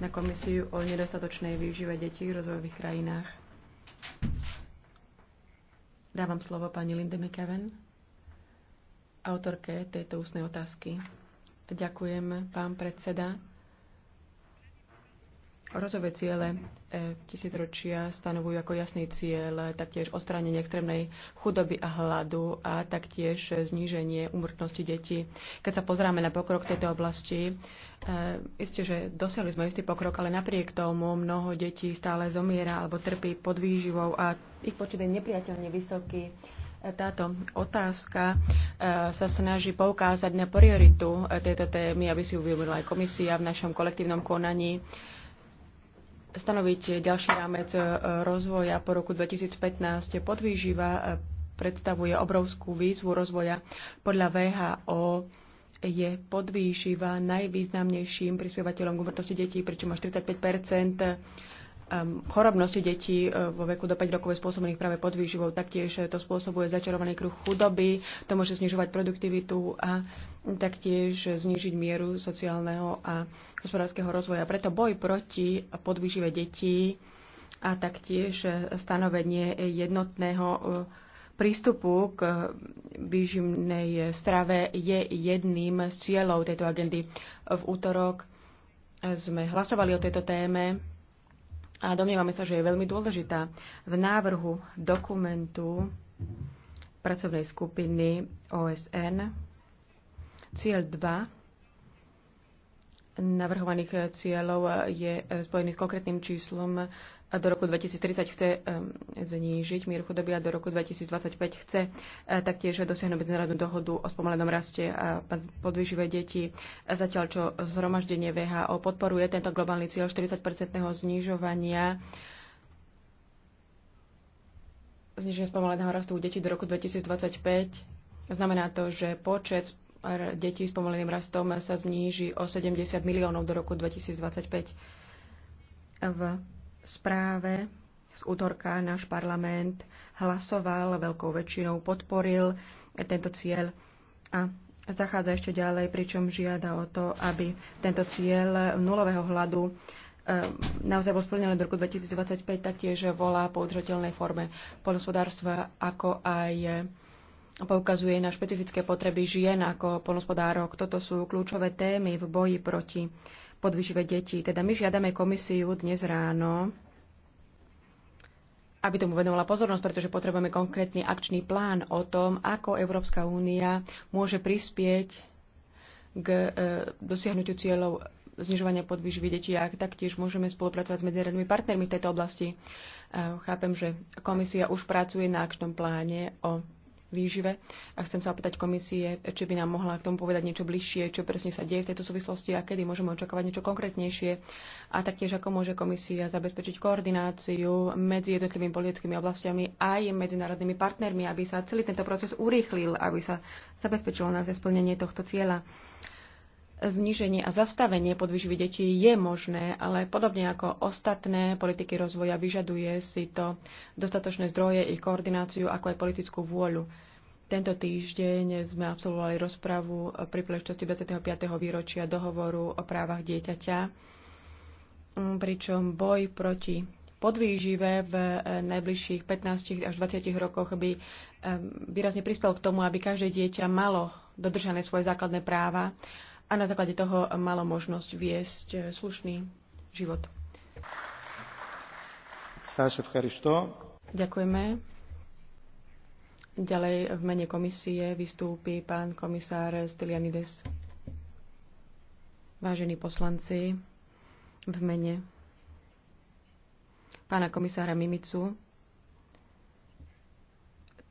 na komisiu o nedostatočnej výžive detí v rozvojových krajinách. Dávam slovo pani Linde McKeven, autorke tejto ústnej otázky. Ďakujem, pán predseda. Rozové ciele e, tisícročia stanovujú ako jasný cieľ taktiež odstránenie extrémnej chudoby a hladu a taktiež zníženie umrtnosti detí. Keď sa pozráme na pokrok tejto oblasti, e, isté, že dosiahli sme istý pokrok, ale napriek tomu mnoho detí stále zomiera alebo trpí pod výživou a ich počet je nepriateľne vysoký e, táto otázka sa snaží poukázať na prioritu tejto témy, aby si uvedomila aj komisia v našom kolektívnom konaní stanoviť ďalší rámec e, rozvoja po roku 2015. Podvýživa e, predstavuje obrovskú výzvu rozvoja. Podľa VHO je podvýživa najvýznamnejším prispievateľom k umrtnosti detí, pričom až 35 Um, chorobnosti detí uh, vo veku do 5 rokov je spôsobených práve pod výživou. Taktiež uh, to spôsobuje začarovaný kruh chudoby, to môže znižovať produktivitu a taktiež znižiť mieru sociálneho a hospodárskeho rozvoja. Preto boj proti podvýžive detí a taktiež uh, stanovenie jednotného prístupu k výživnej strave je jedným z cieľov tejto agendy. V útorok sme hlasovali o tejto téme a domnievame sa, že je veľmi dôležitá. V návrhu dokumentu pracovnej skupiny OSN cieľ 2 navrhovaných cieľov je e, spojený s konkrétnym číslom a do roku 2030 chce e, znížiť mieru chudoby a do roku 2025 chce e, taktiež dosiahnuť medzinárodnú dohodu o spomalenom raste a podvyživé deti. Zatiaľ, čo zhromaždenie VHO podporuje tento globálny cieľ 40-percentného znižovania zniženia spomaleného rastu u detí do roku 2025, znamená to, že počet detí s pomaleným rastom sa zníži o 70 miliónov do roku 2025. V správe z útorka náš parlament hlasoval veľkou väčšinou, podporil tento cieľ a zachádza ešte ďalej, pričom žiada o to, aby tento cieľ nulového hladu e, naozaj bol splnený do roku 2025, taktiež volá po udržateľnej forme poľnospodárstva, ako aj poukazuje na špecifické potreby žien ako polnospodárok. Toto sú kľúčové témy v boji proti podvyžive detí. Teda my žiadame komisiu dnes ráno, aby tomu venovala pozornosť, pretože potrebujeme konkrétny akčný plán o tom, ako Európska únia môže prispieť k e, dosiahnutiu cieľov znižovania podvýživy detí a taktiež môžeme spolupracovať s medzinárodnými partnermi v tejto oblasti. E, chápem, že komisia už pracuje na akčnom pláne o výžive. A chcem sa opýtať komisie, či by nám mohla k tomu povedať niečo bližšie, čo presne sa deje v tejto súvislosti a kedy môžeme očakávať niečo konkrétnejšie. A taktiež, ako môže komisia zabezpečiť koordináciu medzi jednotlivými politickými oblastiami aj medzinárodnými partnermi, aby sa celý tento proces urýchlil, aby sa zabezpečilo na splnenie tohto cieľa zníženie a zastavenie podvyživy detí je možné, ale podobne ako ostatné politiky rozvoja vyžaduje si to dostatočné zdroje, i koordináciu, ako aj politickú vôľu. Tento týždeň sme absolvovali rozpravu pri príležitosti 25. výročia dohovoru o právach dieťaťa, pričom boj proti podvýžive v najbližších 15 až 20 rokoch by výrazne prispel k tomu, aby každé dieťa malo dodržané svoje základné práva a na základe toho malo možnosť viesť eh, slušný život. Ďakujeme. Ďalej v mene komisie vystúpi pán komisár Stylianides. Vážení poslanci, v mene pána komisára Mimicu,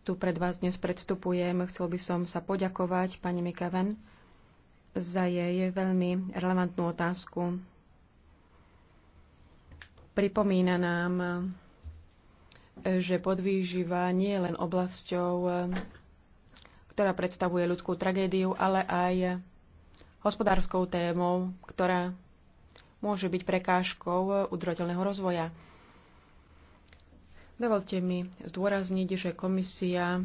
tu pred vás dnes predstupujem. Chcel by som sa poďakovať pani Mikaven za jej veľmi relevantnú otázku. Pripomína nám, že podvýživa nie je len oblasťou, ktorá predstavuje ľudskú tragédiu, ale aj hospodárskou témou, ktorá môže byť prekážkou udržateľného rozvoja. Dovolte mi zdôrazniť, že komisia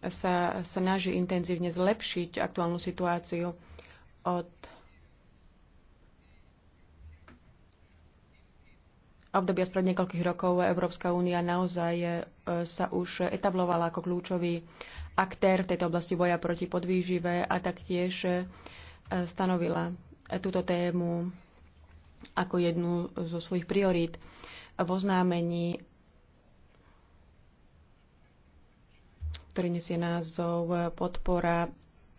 sa snaží intenzívne zlepšiť aktuálnu situáciu od obdobia spred niekoľkých rokov Európska únia naozaj e, sa už etablovala ako kľúčový aktér v tejto oblasti boja proti podvýžive a taktiež e, stanovila túto tému ako jednu zo svojich priorít v oznámení, ktorý nesie názov Podpora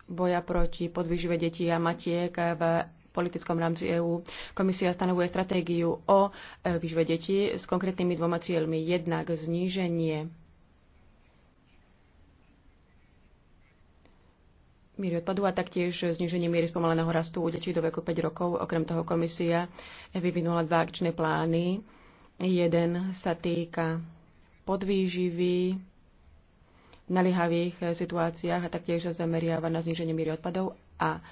boja proti podvyžive detí a matiek v politickom rámci EÚ. Komisia stanovuje stratégiu o e, výžive detí s konkrétnymi dvoma cieľmi. Jednak zníženie miery odpadu a taktiež zniženie miery spomaleného rastu u detí do veku 5 rokov. Okrem toho komisia vyvinula dva akčné plány. Jeden sa týka podvýživy naliehavých eh, situáciách a taktiež sa zameriava na zníženie míry odpadov. A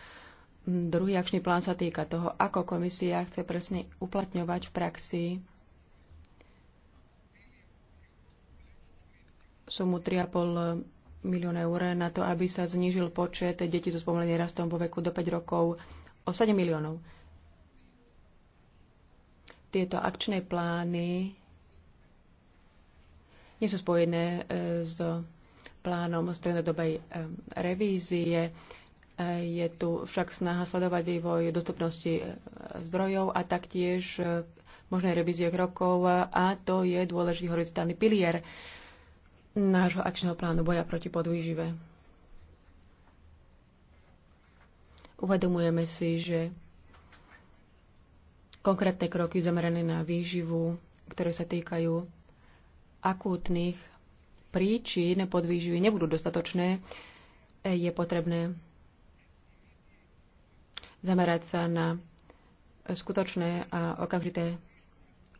mm, druhý akčný plán sa týka toho, ako komisia chce presne uplatňovať v praxi sumu 3,5 eh, milióna eur na to, aby sa znížil počet detí so spomenutým rastom vo veku do 5 rokov o 7 miliónov. Tieto akčné plány nie sú spojené eh, s plánom strednodobej revízie. E, je tu však snaha sledovať vývoj dostupnosti e, zdrojov a taktiež e, možné revízie krokov a to je dôležitý horizontálny pilier nášho akčného plánu boja proti podvýžive. Uvedomujeme si, že konkrétne kroky zamerané na výživu, ktoré sa týkajú akútnych príčin podvýživy nebudú dostatočné, je potrebné zamerať sa na skutočné a okamžité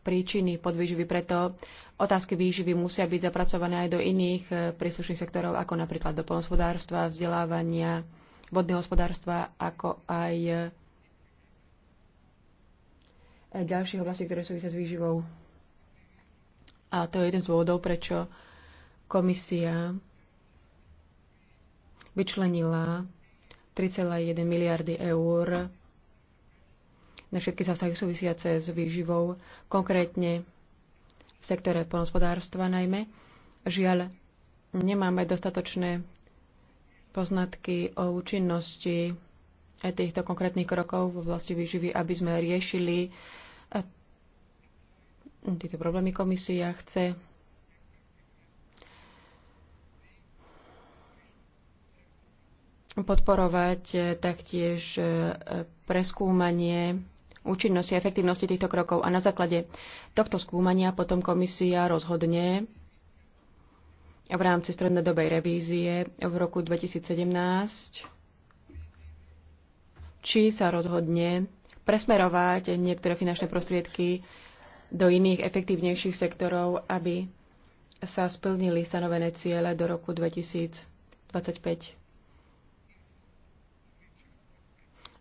príčiny podvýživy. Preto otázky výživy musia byť zapracované aj do iných eh, príslušných sektorov, ako napríklad do polnospodárstva, vzdelávania, vodného hospodárstva, ako aj eh, ďalších oblastí, ktoré súvisia s výživou. A to je jeden z dôvodov, prečo komisia vyčlenila 3,1 miliardy eur na všetky zásahy súvisiace s výživou, konkrétne v sektore polnospodárstva najmä. Žiaľ, nemáme dostatočné poznatky o účinnosti týchto konkrétnych krokov v oblasti výživy, aby sme riešili eh, tieto problémy. Komisia chce podporovať eh, taktiež eh, preskúmanie účinnosti a efektivnosti týchto krokov. A na základe tohto skúmania potom komisia rozhodne v rámci strednodobej revízie v roku 2017, či sa rozhodne presmerovať niektoré finančné prostriedky do iných efektívnejších sektorov, aby sa splnili stanovené ciele do roku 2025.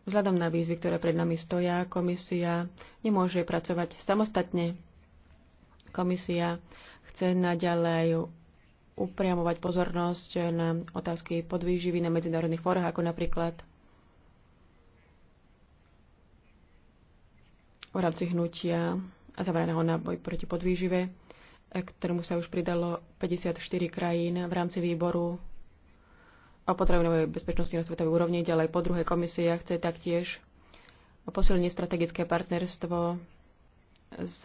Vzhľadom na výzvy, ktoré pred nami stoja, komisia nemôže pracovať samostatne. Komisia chce naďalej upriamovať pozornosť na otázky podvýživy na medzinárodných fórach, ako napríklad v rámci hnutia a zavraného na boj proti podvýžive, ktorému sa už pridalo 54 krajín v rámci výboru o potravinovej bezpečnosti na svetovej úrovni, ďalej po druhé komisia chce taktiež posilniť strategické partnerstvo s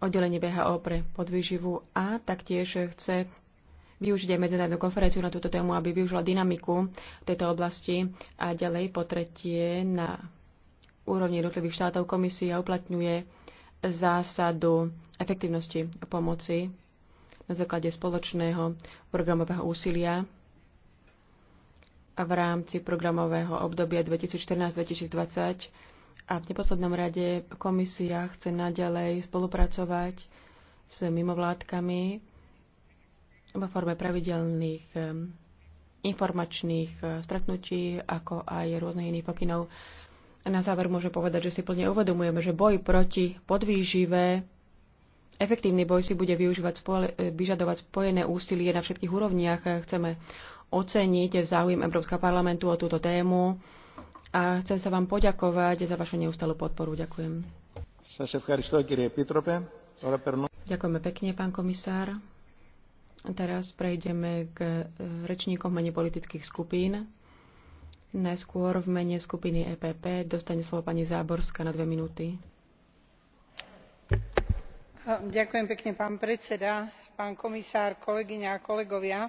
oddelenie BHO pre podvýživu a taktiež chce využiť aj medzinárodnú konferenciu na túto tému, aby využila dynamiku tejto oblasti a ďalej po tretie na úrovni jednotlivých štátov komisia uplatňuje zásadu efektívnosti pomoci na základe spoločného programového úsilia v rámci programového obdobia 2014-2020 a v neposlednom rade komisia chce naďalej spolupracovať s mimovládkami vo forme pravidelných informačných eh, stretnutí, ako aj rôznych iných pokynov. Na záver môžem povedať, že si plne uvedomujeme, že boj proti podvýžive, efektívny boj si bude využívať, eh, vyžadovať spojené úsilie na všetkých úrovniach. Chceme oceniť záujem Európskeho parlamentu o túto tému a chcem sa vám poďakovať za vašu neustalú podporu. Ďakujem. Ďakujeme pekne, pán komisár. A teraz prejdeme k e, rečníkom mene politických skupín. Najskôr v mene skupiny EPP dostane slovo pani Záborská na dve minúty. Ďakujem pekne, pán predseda, pán komisár, kolegyňa a kolegovia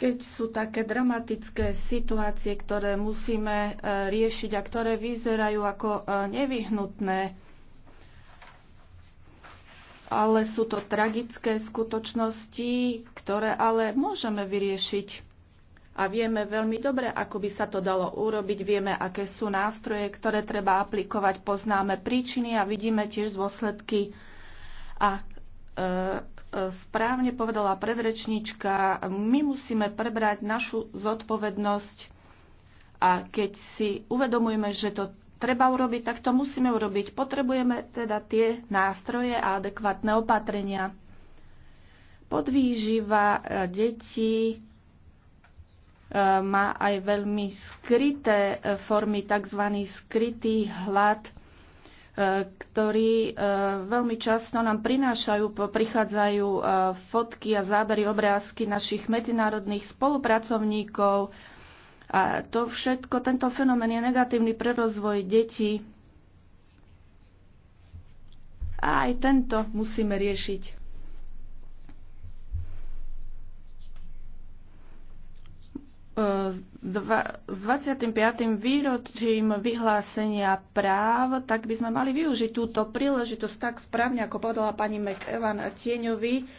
keď sú také dramatické situácie, ktoré musíme e, riešiť a ktoré vyzerajú ako e, nevyhnutné, ale sú to tragické skutočnosti, ktoré ale môžeme vyriešiť. A vieme veľmi dobre, ako by sa to dalo urobiť, vieme, aké sú nástroje, ktoré treba aplikovať, poznáme príčiny a vidíme tiež dôsledky. A e, správne povedala predrečníčka, my musíme prebrať našu zodpovednosť a keď si uvedomujeme, že to treba urobiť, tak to musíme urobiť. Potrebujeme teda tie nástroje a adekvátne opatrenia. Podvýživa e, detí e, má aj veľmi skryté e, formy, tzv. skrytý hlad. E, ktorí e, veľmi často nám prinášajú, prichádzajú e, fotky a zábery, obrázky našich medzinárodných spolupracovníkov. A to všetko, tento fenomén je negatívny pre rozvoj detí. A aj tento musíme riešiť. E, s 25. výročím vyhlásenia práv, tak by sme mali využiť túto príležitosť tak správne, ako povedala pani McEvan a Tieňovi.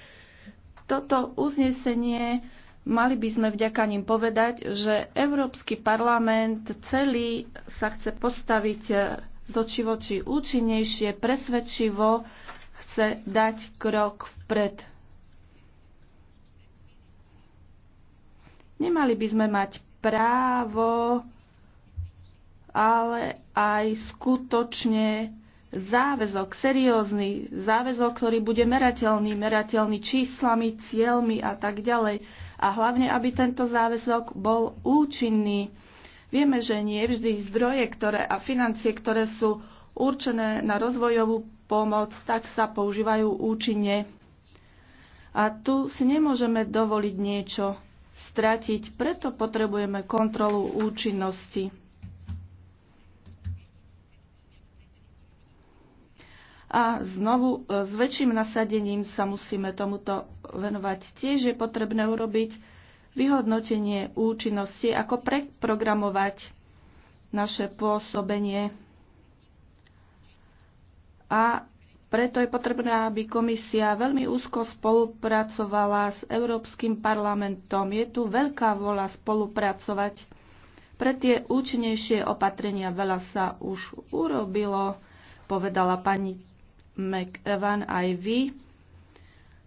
Toto uznesenie mali by sme vďaka ním povedať, že Európsky parlament celý sa chce postaviť z očivočí účinnejšie, presvedčivo chce dať krok vpred. Nemali by sme mať právo, ale aj skutočne záväzok, seriózny záväzok, ktorý bude merateľný, merateľný číslami, cieľmi a tak ďalej. A hlavne, aby tento záväzok bol účinný. Vieme, že nie vždy zdroje ktoré, a financie, ktoré sú určené na rozvojovú pomoc, tak sa používajú účinne. A tu si nemôžeme dovoliť niečo, stratiť. Preto potrebujeme kontrolu účinnosti. A znovu e, s väčším nasadením sa musíme tomuto venovať. Tiež je potrebné urobiť vyhodnotenie účinnosti, ako preprogramovať naše pôsobenie a preto je potrebné, aby komisia veľmi úzko spolupracovala s Európskym parlamentom. Je tu veľká vola spolupracovať. Pre tie účinnejšie opatrenia veľa sa už urobilo, povedala pani McEvan aj vy.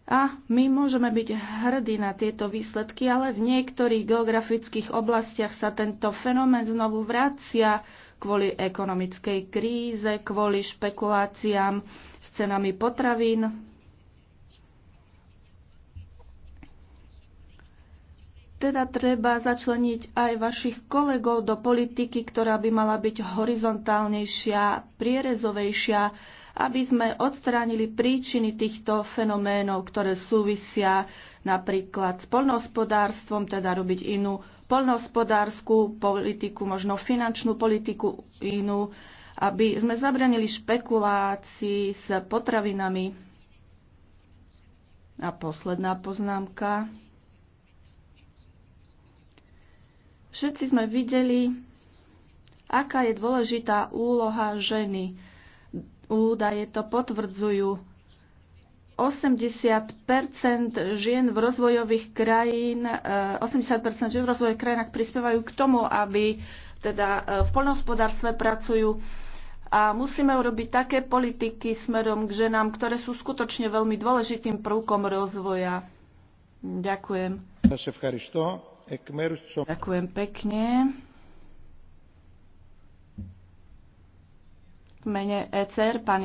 A my môžeme byť hrdí na tieto výsledky, ale v niektorých geografických oblastiach sa tento fenomén znovu vracia kvôli ekonomickej kríze, kvôli špekuláciám s cenami potravín. Teda treba začleniť aj vašich kolegov do politiky, ktorá by mala byť horizontálnejšia, prierezovejšia, aby sme odstránili príčiny týchto fenoménov, ktoré súvisia napríklad s poľnohospodárstvom, teda robiť inú poľnohospodárskú politiku, možno finančnú politiku inú, aby sme zabranili špekulácii s potravinami. A posledná poznámka. Všetci sme videli, aká je dôležitá úloha ženy. Údaje to potvrdzujú 80 žien v rozvojových krajín, 80 eh, žien v rozvojových krajinách prispievajú k tomu, aby teda eh, v poľnohospodárstve pracujú. A musíme urobiť také politiky smerom k ženám, ktoré sú skutočne veľmi dôležitým prvkom rozvoja. Ďakujem. Ďakujem pekne. Pani mene ECR, pán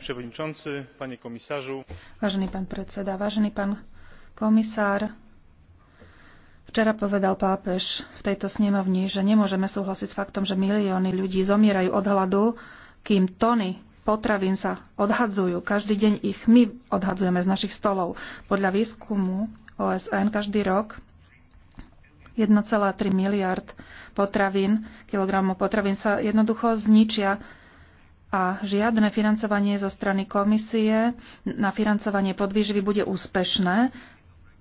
przewodniczący, panie komisarzu. Vážený pán predseda, vážený pán komisár, Včera povedal pápež v tejto snemovni, že nemôžeme súhlasiť s faktom, že milióny ľudí zomierajú od hladu, kým tony potravín sa odhadzujú. Každý deň ich my odhadzujeme z našich stolov. Podľa výskumu OSN každý rok 1,3 miliard potravín, kilogramov potravín sa jednoducho zničia a žiadne financovanie zo strany komisie na financovanie podvýživy bude úspešné,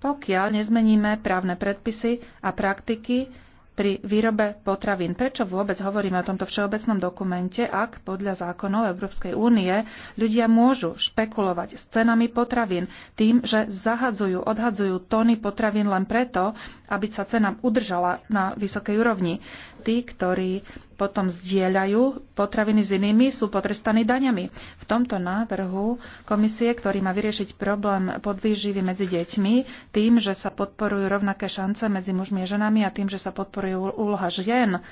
pokiaľ nezmeníme právne predpisy a praktiky, pri výrobe potravín. Prečo vôbec hovoríme o tomto všeobecnom dokumente, ak podľa zákonov Európskej únie ľudia môžu špekulovať s cenami potravín tým, že zahadzujú, odhadzujú tony potravín len preto, aby sa cena udržala na vysokej úrovni tí, ktorí potom zdieľajú potraviny s inými, sú potrestaní daňami. V tomto návrhu komisie, ktorý má vyriešiť problém podvýživy medzi deťmi, tým, že sa podporujú rovnaké šance medzi mužmi a ženami a tým, že sa podporuje úloha žien,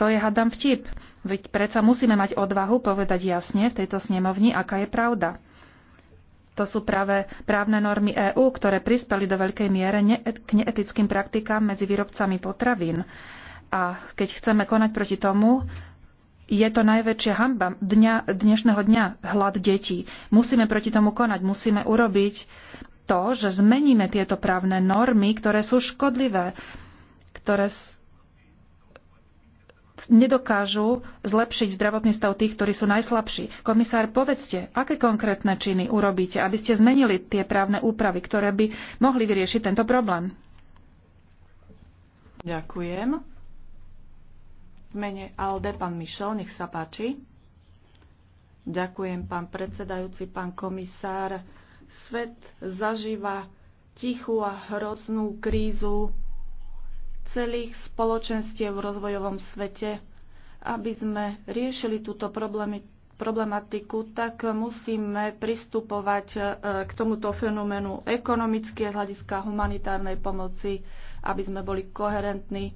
to je hadam vtip. Veď predsa musíme mať odvahu povedať jasne v tejto snemovni, aká je pravda. To sú práve právne normy EÚ, ktoré prispeli do veľkej miere ne- k neetickým praktikám medzi výrobcami potravín. A keď chceme konať proti tomu, je to najväčšia hamba dňa, dnešného dňa, hlad detí. Musíme proti tomu konať, musíme urobiť to, že zmeníme tieto právne normy, ktoré sú škodlivé, ktoré nedokážu zlepšiť zdravotný stav tých, ktorí sú najslabší. Komisár, povedzte, aké konkrétne činy urobíte, aby ste zmenili tie právne úpravy, ktoré by mohli vyriešiť tento problém? Ďakujem mene ALDE, pán Mišel, nech sa páči. Ďakujem, pán predsedajúci, pán komisár. Svet zažíva tichú a hroznú krízu celých spoločenstiev v rozvojovom svete. Aby sme riešili túto problematiku, tak musíme pristupovať e, k tomuto fenoménu ekonomické z hľadiska humanitárnej pomoci, aby sme boli koherentní.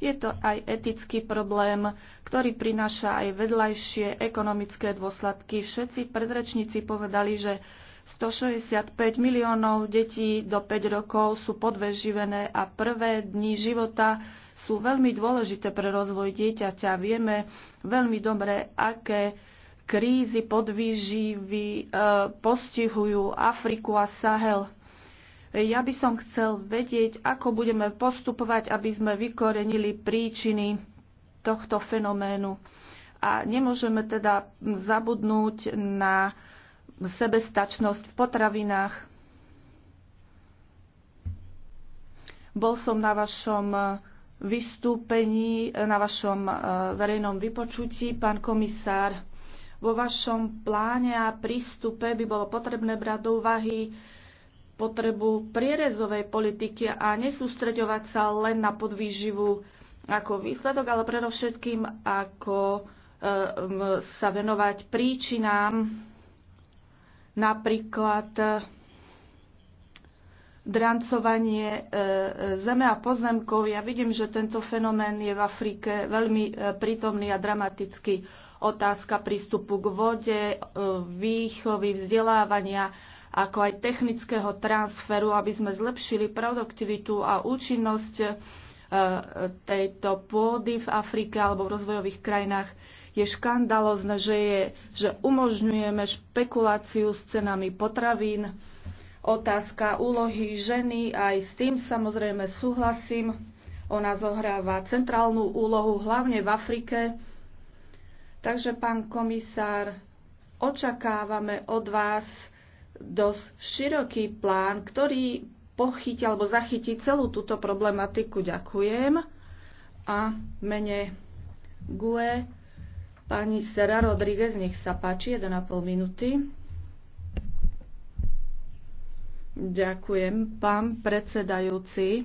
Je to aj etický problém, ktorý prináša aj vedľajšie ekonomické dôsledky. Všetci predrečníci povedali, že 165 miliónov detí do 5 rokov sú podveživené a prvé dni života sú veľmi dôležité pre rozvoj dieťaťa. Vieme veľmi dobre, aké krízy podvýživy e, postihujú Afriku a Sahel. Ja by som chcel vedieť, ako budeme postupovať, aby sme vykorenili príčiny tohto fenoménu. A nemôžeme teda zabudnúť na sebestačnosť v potravinách. Bol som na vašom e, vystúpení, na vašom e, verejnom vypočutí, pán komisár vo vašom pláne a prístupe by bolo potrebné brať do úvahy potrebu prierezovej politiky a nesústreďovať sa len na podvýživu ako výsledok, ale predovšetkým ako ehm, sa venovať príčinám, napríklad drancovanie e, zeme a pozemkov. Ja vidím, že tento fenomén je v Afrike veľmi e, prítomný a dramatický otázka prístupu k vode, e, výchovy, vzdelávania, ako aj technického transferu, aby sme zlepšili produktivitu a účinnosť e, tejto pôdy v Afrike alebo v rozvojových krajinách je škandalozne, že, je, že umožňujeme špekuláciu s cenami potravín. Otázka úlohy ženy, aj s tým samozrejme súhlasím. Ona zohráva centrálnu úlohu hlavne v Afrike Takže, pán komisár, očakávame od vás dosť široký plán, ktorý pochytí alebo zachytí celú túto problematiku. Ďakujem. A mene GUE pani Sera Rodríguez, nech sa páči, 1,5 minúty. Ďakujem, pán predsedajúci.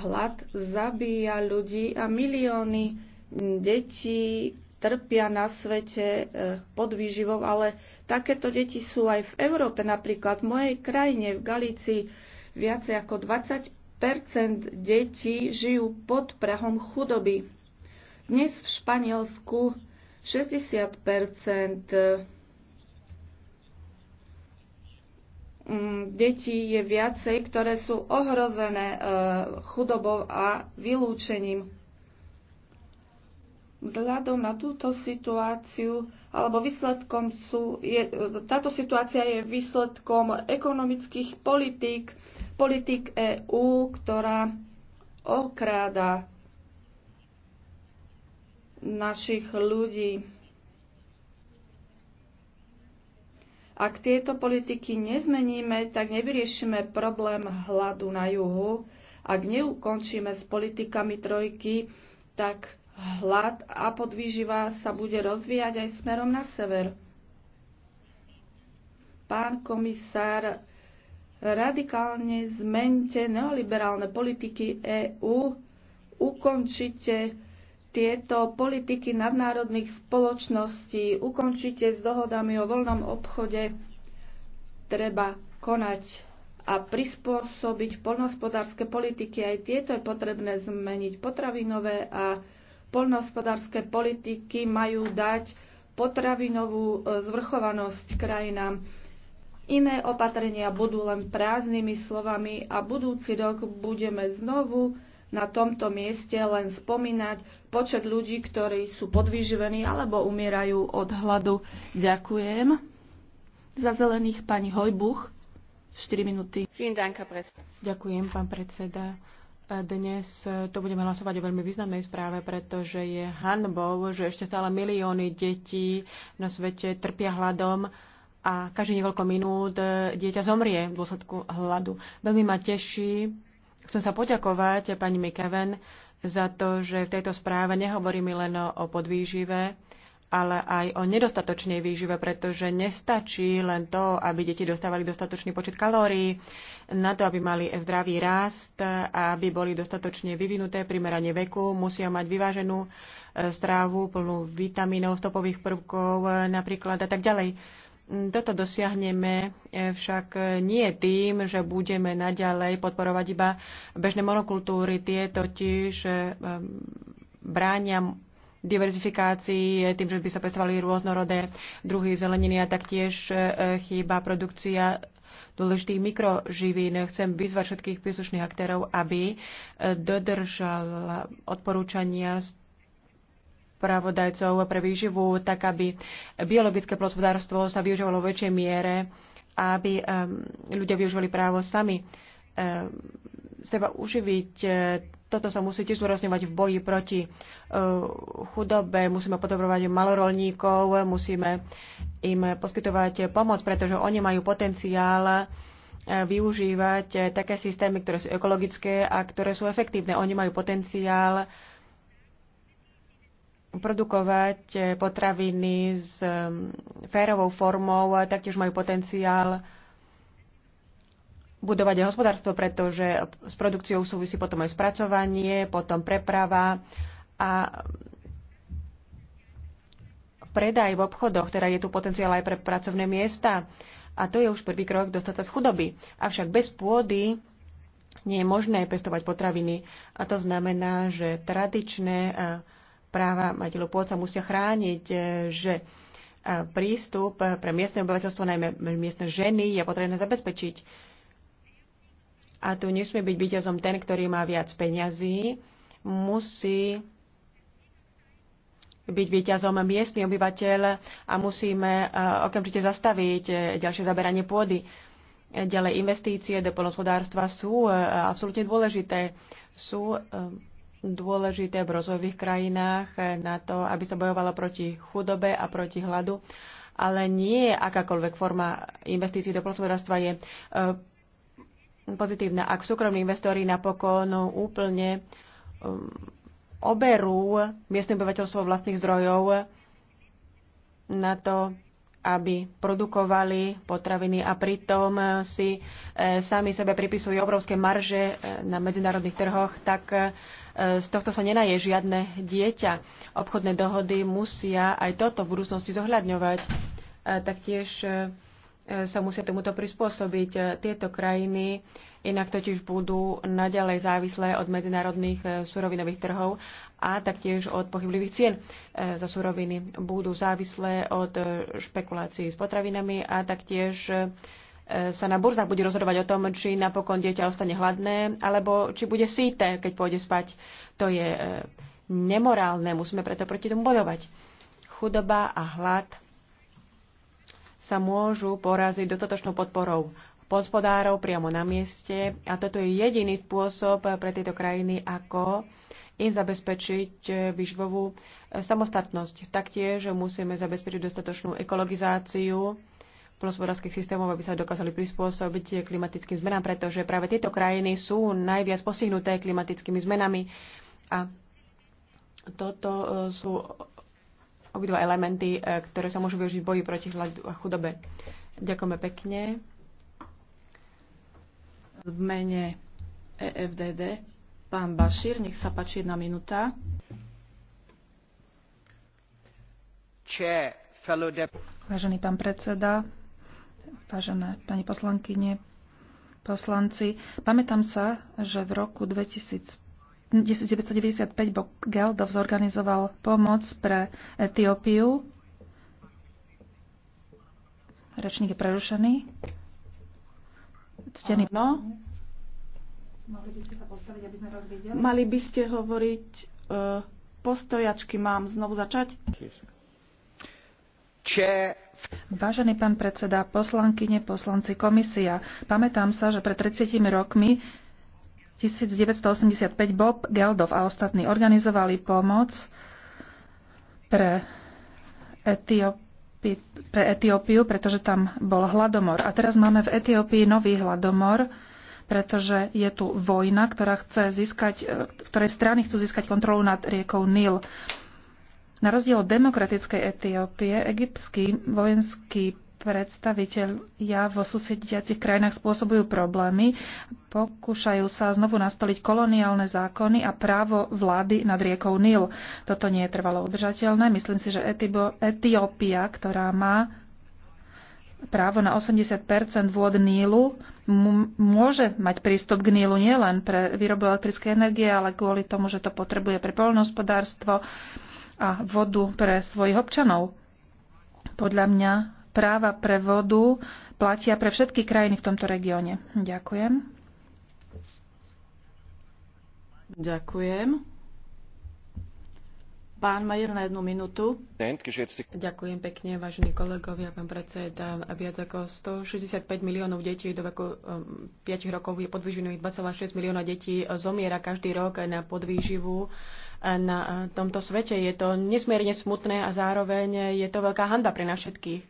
Hlad zabíja ľudí a milióny deti trpia na svete e, pod výživou, ale takéto deti sú aj v Európe. Napríklad v mojej krajine, v Galícii, viacej ako 20 detí žijú pod prahom chudoby. Dnes v Španielsku 60 e, detí je viacej, ktoré sú ohrozené e, chudobou a vylúčením. Vzhľadom na túto situáciu, alebo výsledkom sú, je, táto situácia je výsledkom ekonomických politík, politík EÚ, ktorá okráda našich ľudí. Ak tieto politiky nezmeníme, tak nevyriešime problém hladu na juhu. Ak neukončíme s politikami trojky, tak hlad a podvýživa sa bude rozvíjať aj smerom na sever. Pán komisár, radikálne zmente neoliberálne politiky EÚ, ukončite tieto politiky nadnárodných spoločností, ukončite s dohodami o voľnom obchode. Treba konať a prispôsobiť poľnohospodárske politiky. Aj tieto je potrebné zmeniť potravinové a poľnohospodárske politiky majú dať potravinovú e, zvrchovanosť krajinám. Iné opatrenia budú len prázdnymi slovami a budúci rok budeme znovu na tomto mieste len spomínať počet ľudí, ktorí sú podvyživení alebo umierajú od hladu. Ďakujem. Za zelených pani Hojbuch. 4 minúty. Ďakujem, pán predseda. Dnes to budeme hlasovať o veľmi významnej správe, pretože je hanbou, že ešte stále milióny detí na svete trpia hladom a každý niekoľko minút dieťa zomrie v dôsledku hladu. Veľmi ma teší. Chcem sa poďakovať pani Mikaven za to, že v tejto správe nehovoríme len o podvýžive, ale aj o nedostatočnej výžive, pretože nestačí len to, aby deti dostávali dostatočný počet kalórií, na to, aby mali zdravý rast a aby boli dostatočne vyvinuté primerane veku, musia mať vyváženú e, strávu plnú vitamínov, stopových prvkov e, napríklad a tak ďalej. Mm, toto dosiahneme e, však nie tým, že budeme naďalej podporovať iba bežné monokultúry. Tie totiž bránia diverzifikácii, eh, tým, že by sa pestovali rôznorodé druhy zeleniny a taktiež eh, chýba produkcia dôležitých mikroživín. Chcem vyzvať všetkých príslušných aktérov, aby eh, dodržal odporúčania spravodajcov pre výživu, tak aby biologické plodspodárstvo sa využívalo v väčšej miere a aby ľudia využívali právo sami seba uživiť toto sa musí tiež zúrazňovať v boji proti e, chudobe, musíme podporovať malorolníkov, musíme im poskytovať pomoc, pretože oni majú potenciál e, využívať také systémy, ktoré sú ekologické a ktoré sú efektívne. Oni majú potenciál produkovať potraviny s e, férovou formou, taktiež majú potenciál budovať aj hospodárstvo, pretože s produkciou súvisí potom aj spracovanie, potom preprava a predaj v obchodoch, teda je tu potenciál aj pre pracovné miesta. A to je už prvý krok dostať sa z chudoby. Avšak bez pôdy nie je možné pestovať potraviny. A to znamená, že tradičné eh, práva majiteľov pôd sa musia chrániť, eh, že eh, prístup pre miestne obyvateľstvo, najmä miestne ženy, je potrebné zabezpečiť a tu nesmie byť víťazom ten, ktorý má viac peňazí. Musí byť víťazom miestny obyvateľ a musíme eh, okamžite zastaviť eh, ďalšie zaberanie pôdy. Ďalej investície do polnospodárstva sú eh, absolútne dôležité. Sú dôležité v rozvojových krajinách na to, aby sa bojovalo proti chudobe a proti hladu, ale nie akákoľvek forma investícií do plnospodárstva je pozitívna. Ak súkromní investori napokon úplne um, oberú miestne obyvateľstvo vlastných zdrojov na to, aby produkovali potraviny a pritom si e, sami sebe pripisujú obrovské marže e, na medzinárodných trhoch, tak e, z tohto sa nenaje žiadne dieťa. Obchodné dohody musia aj toto v budúcnosti zohľadňovať. Taktiež sa musia tomuto prispôsobiť. Tieto krajiny inak totiž budú naďalej závislé od medzinárodných eh, surovinových trhov a taktiež od pohyblivých cien eh, za suroviny. Budú závislé od eh, špekulácií s potravinami a taktiež sa na burzách bude rozhodovať o tom, či napokon dieťa ostane hladné, alebo či bude síte, keď pôjde spať. To je nemorálne, musíme preto proti tomu bojovať. Chudoba a hlad sa môžu poraziť dostatočnou podporou hospodárov priamo na mieste a toto je jediný spôsob pre tieto krajiny, ako im zabezpečiť výživovú samostatnosť. Taktiež musíme zabezpečiť dostatočnú ekologizáciu polospodárských systémov, aby sa dokázali prispôsobiť klimatickým zmenám, pretože práve tieto krajiny sú najviac postihnuté klimatickými zmenami a toto e, sú obidva elementy, e, ktoré sa môžu využiť v boji proti hladu a chudobe. Ďakujeme pekne. V mene EFDD pán Bašír, nech sa páči jedna minúta. Vážený pán predseda, vážené pani poslankyne, poslanci, pamätám sa, že v roku 2005 1995 Bob Geldov zorganizoval pomoc pre Etiópiu. Rečník je prerušený. Ctený. No. Mali by ste sa postaviť, aby sme vás videli? Mali by ste hovoriť uh, postojačky. Mám znovu začať? Če Vážený pán predseda, poslankyne, poslanci, komisia, pamätám sa, že pred 30 rokmi 1985 Bob Geldof a ostatní organizovali pomoc pre, Etiópi, pre Etiópiu, pretože tam bol hladomor. A teraz máme v Etiópii nový hladomor, pretože je tu vojna, ktorá chce získať, e, ktorej strany chcú získať kontrolu nad riekou Nil. Na rozdiel od demokratickej Etiópie, egyptský vojenský Predstaviteľia vo susediacich krajinách spôsobujú problémy, pokúšajú sa znovu nastoliť koloniálne zákony a právo vlády nad riekou Nil. Toto nie je trvalo udržateľné. Myslím si, že Etibo, Etiópia, ktorá má právo na 80 vôd Nílu, môže mať prístup k Nílu nielen pre výrobu elektrickej energie, ale kvôli tomu, že to potrebuje pre poľnohospodárstvo a vodu pre svojich občanov. Podľa mňa práva pre vodu platia pre všetky krajiny v tomto regióne. Ďakujem. Ďakujem. Pán Majer na jednu minútu. Ďakujem pekne, vážení kolegovia, pán predseda. Viac ako 165 miliónov detí do veku 5 um, rokov je podvyživených, 2,6 milióna detí zomiera každý rok na podvýživu uh, na uh, tomto svete. Je to nesmierne smutné a zároveň je to veľká handa pre nás všetkých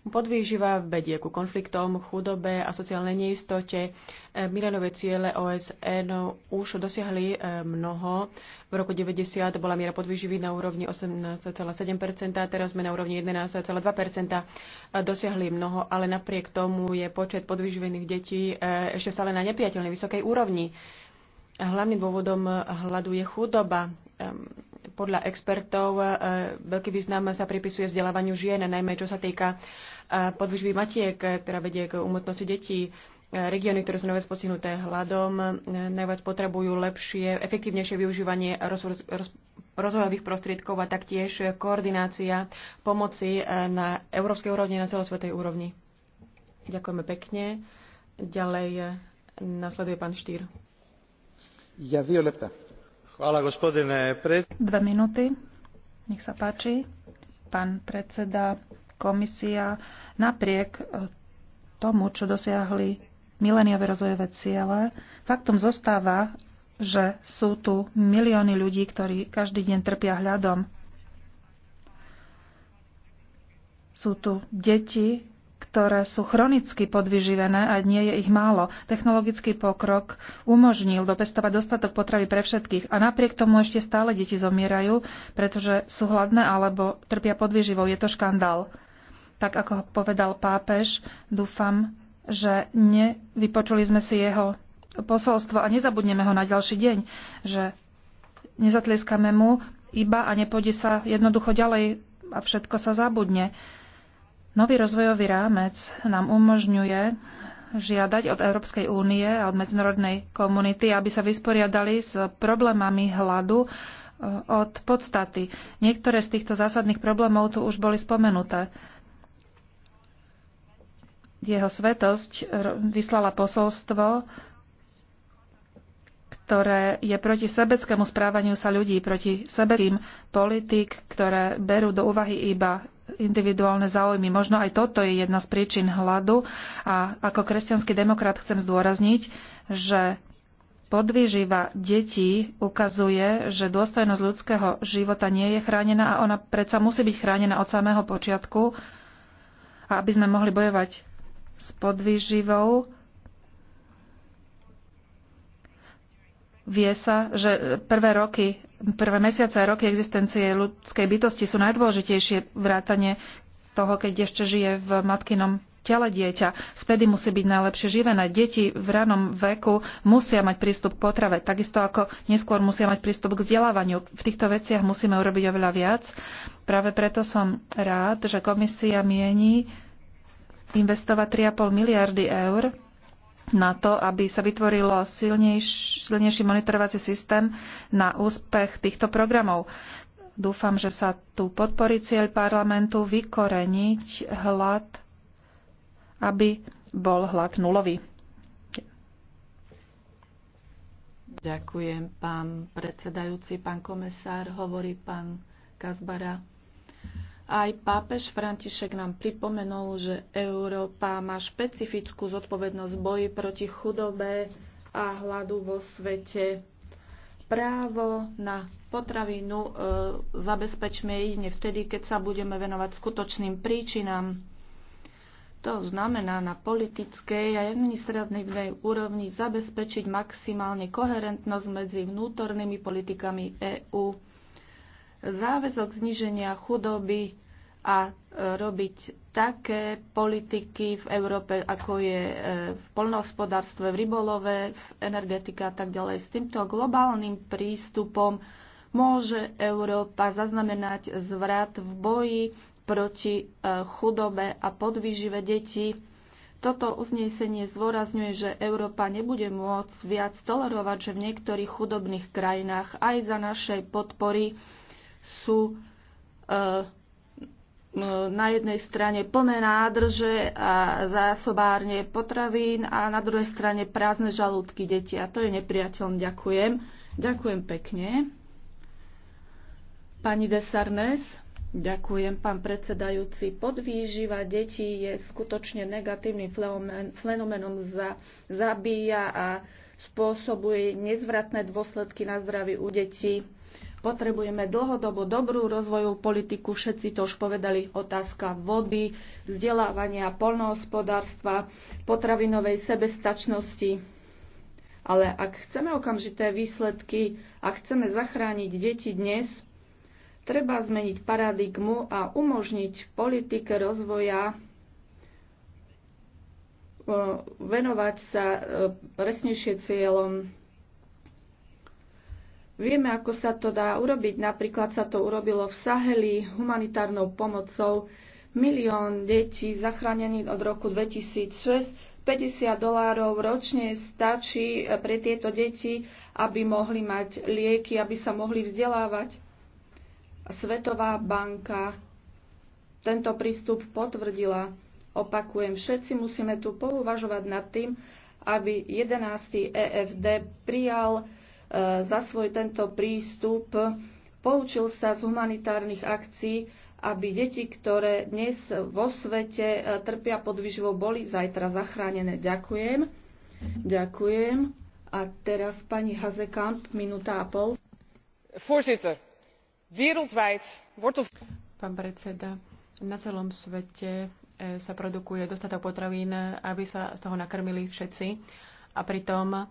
Podvýživa vedie ku konfliktom, chudobe a sociálnej neistote. E, Milenové ciele OSN e, no, už dosiahli e, mnoho. V roku 90 bola miera podvýživy na úrovni 18,7%, teraz sme na úrovni 11,2%. Dosiahli mnoho, ale napriek tomu je počet podvýživených detí ešte stále na nepriateľnej vysokej úrovni. Hlavným dôvodom hladu je chudoba. Podľa expertov e, veľký význam sa pripisuje vzdelávaniu žien, najmä čo sa týka e, podvyžby matiek, ktorá vedie k umotnosti detí. E, regióny, ktoré sú najviac postihnuté hladom, najviac potrebujú lepšie, efektívnejšie využívanie roz, roz, rozvojových prostriedkov a taktiež koordinácia pomoci na európskej úrovni, na celosvetej úrovni. Ďakujeme pekne. Ďalej nasleduje pán Štýr gospodine Dve minúty. Nech sa páči. Pán predseda, komisia napriek e, tomu, čo dosiahli miléniové rozvojové ciele, faktom zostáva, že sú tu milióny ľudí, ktorí každý deň trpia hľadom. Sú tu deti, ktoré sú chronicky podvyživené a nie je ich málo. Technologický pokrok umožnil dopestovať dostatok potravy pre všetkých a napriek tomu ešte stále deti zomierajú, pretože sú hladné alebo trpia podvyživou. Je to škandál. Tak ako povedal pápež, dúfam, že nevypočuli sme si jeho posolstvo a nezabudneme ho na ďalší deň, že nezatlieskame mu iba a nepôjde sa jednoducho ďalej a všetko sa zabudne. Nový rozvojový rámec nám umožňuje žiadať od Európskej únie a od medzinárodnej komunity, aby sa vysporiadali s problémami hladu e, od podstaty. Niektoré z týchto zásadných problémov tu už boli spomenuté. Jeho svetosť e, vyslala posolstvo, ktoré je proti sebeckému správaniu sa ľudí, proti sebeckým politik, ktoré berú do úvahy iba individuálne záujmy. Možno aj toto je jedna z príčin hladu a ako kresťanský demokrat chcem zdôrazniť, že podvýživa detí ukazuje, že dôstojnosť ľudského života nie je chránená a ona predsa musí byť chránená od samého počiatku. A aby sme mohli bojovať s podvýživou, vie sa, že prvé roky prvé mesiace a roky existencie ľudskej bytosti sú najdôležitejšie vrátanie toho, keď ešte žije v matkinom tele dieťa. Vtedy musí byť najlepšie živené. Deti v ranom veku musia mať prístup k potrave, takisto ako neskôr musia mať prístup k vzdelávaniu. V týchto veciach musíme urobiť oveľa viac. Práve preto som rád, že komisia mieni investovať 3,5 miliardy eur na to, aby sa vytvorilo silnejš, silnejší monitorovací systém na úspech týchto programov. Dúfam, že sa tu podporí cieľ parlamentu vykoreniť hlad, aby bol hlad nulový. Ďakujem, pán predsedajúci, pán komisár, hovorí pán Kazbara. Aj pápež František nám pripomenul, že Európa má špecifickú zodpovednosť v boji proti chudobe a hladu vo svete. Právo na potravinu e, zabezpečme jedine vtedy, keď sa budeme venovať skutočným príčinám. To znamená na politickej a administratívnej úrovni zabezpečiť maximálne koherentnosť medzi vnútornými politikami EÚ záväzok zniženia chudoby a e, robiť také politiky v Európe, ako je e, v poľnohospodárstve, v rybolove, v energetika a tak ďalej. S týmto globálnym prístupom môže Európa zaznamenať zvrat v boji proti e, chudobe a podvýžive detí. Toto uznesenie zdôrazňuje, že Európa nebude môcť viac tolerovať, že v niektorých chudobných krajinách aj za našej podpory sú e, na jednej strane plné nádrže a zásobárne potravín a na druhej strane prázdne žalúdky detí. A to je nepriateľom. Ďakujem. Ďakujem pekne. Pani Desarnes, ďakujem, pán predsedajúci. Podvýživa detí je skutočne negatívnym fenomenom za, zabíja a spôsobuje nezvratné dôsledky na zdraví u detí Potrebujeme dlhodobo dobrú rozvojovú politiku, všetci to už povedali, otázka vody, vzdelávania, polnohospodárstva, potravinovej sebestačnosti. Ale ak chceme okamžité výsledky, a chceme zachrániť deti dnes, treba zmeniť paradigmu a umožniť politike rozvoja e, venovať sa e, presnejšie cieľom Vieme, ako sa to dá urobiť. Napríklad sa to urobilo v Saheli humanitárnou pomocou. Milión detí zachránených od roku 2006 50 dolárov ročne stačí eh, pre tieto deti, aby mohli mať lieky, aby sa mohli vzdelávať. Svetová banka tento prístup potvrdila. Opakujem, všetci musíme tu pouvažovať nad tým, aby 11. EFD prijal Eh, za svoj tento prístup. Poučil sa z humanitárnych akcií, aby deti, ktoré dnes vo svete eh, trpia pod výživou, boli zajtra zachránené. Ďakujem. Ďakujem. A teraz pani Hazekamp, minúta a pol. Voorzitter, wereldwijd wordt... Er- Pán predseda, na celom svete eh, sa produkuje dostatok potravín, aby sa z toho nakrmili všetci. A pritom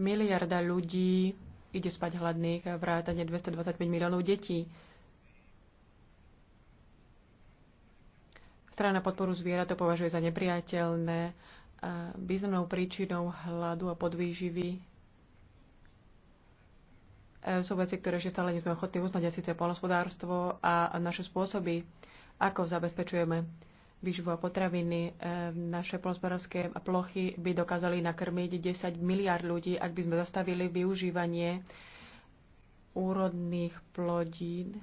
Miliarda ľudí ide spať hladných a vrátane 225 miliónov detí. Strana podporu zviera to považuje za nepriateľné. A významnou príčinou hladu a podvýživy e, sú veci, ktoré ešte stále nie sme ochotní uznať, a síce polnospodárstvo a naše spôsoby, ako zabezpečujeme výživu a potraviny. Eh, naše polnospodárske plochy by dokázali nakrmiť 10 miliard ľudí, ak by sme zastavili využívanie úrodných plodín,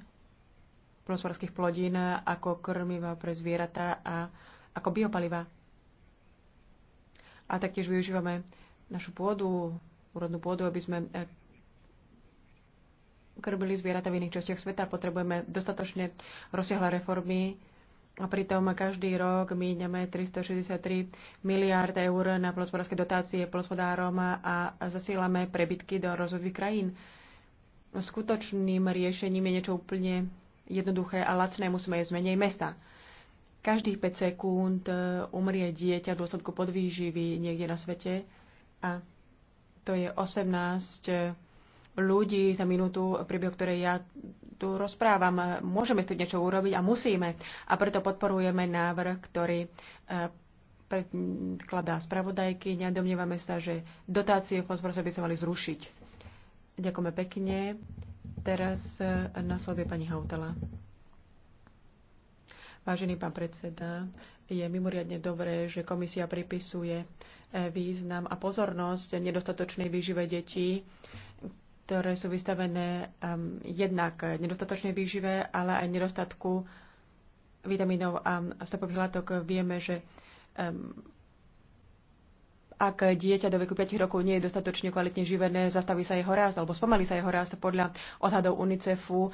polnospodárských plodín eh, ako krmiva pre zvieratá a ako biopaliva. A taktiež využívame našu pôdu, úrodnú pôdu, aby sme eh, krbili zvieratá v iných častiach sveta. Potrebujeme dostatočne rozsiahle reformy, a pritom každý rok míňame 363 miliárd eur na polospodárske dotácie polospodárom a zasielame prebytky do rozvojových krajín. Skutočným riešením je niečo úplne jednoduché a lacné. Musíme je zmeniť mesta. Každých 5 sekúnd e, umrie dieťa v dôsledku podvýživy niekde na svete a to je 18 ľudí za minútu, v priebehu ktorej ja tu rozprávam. Môžeme s niečo urobiť a musíme. A preto podporujeme návrh, ktorý eh, predkladá spravodajky. Nedomnievame sa, že dotácie v by sa mali zrušiť. Ďakujeme pekne. Teraz eh, na slove pani Hautala. Vážený pán predseda, je mimoriadne dobré, že komisia pripisuje eh, význam a pozornosť nedostatočnej výžive detí ktoré sú vystavené um, jednak nedostatočnej výžive, ale aj nedostatku vitamínov a stopových látok. Vieme, že um, ak dieťa do veku 5 rokov nie je dostatočne kvalitne živené, zastaví sa jeho rast alebo spomalí sa jeho rast podľa odhadov UNICEFu, uh,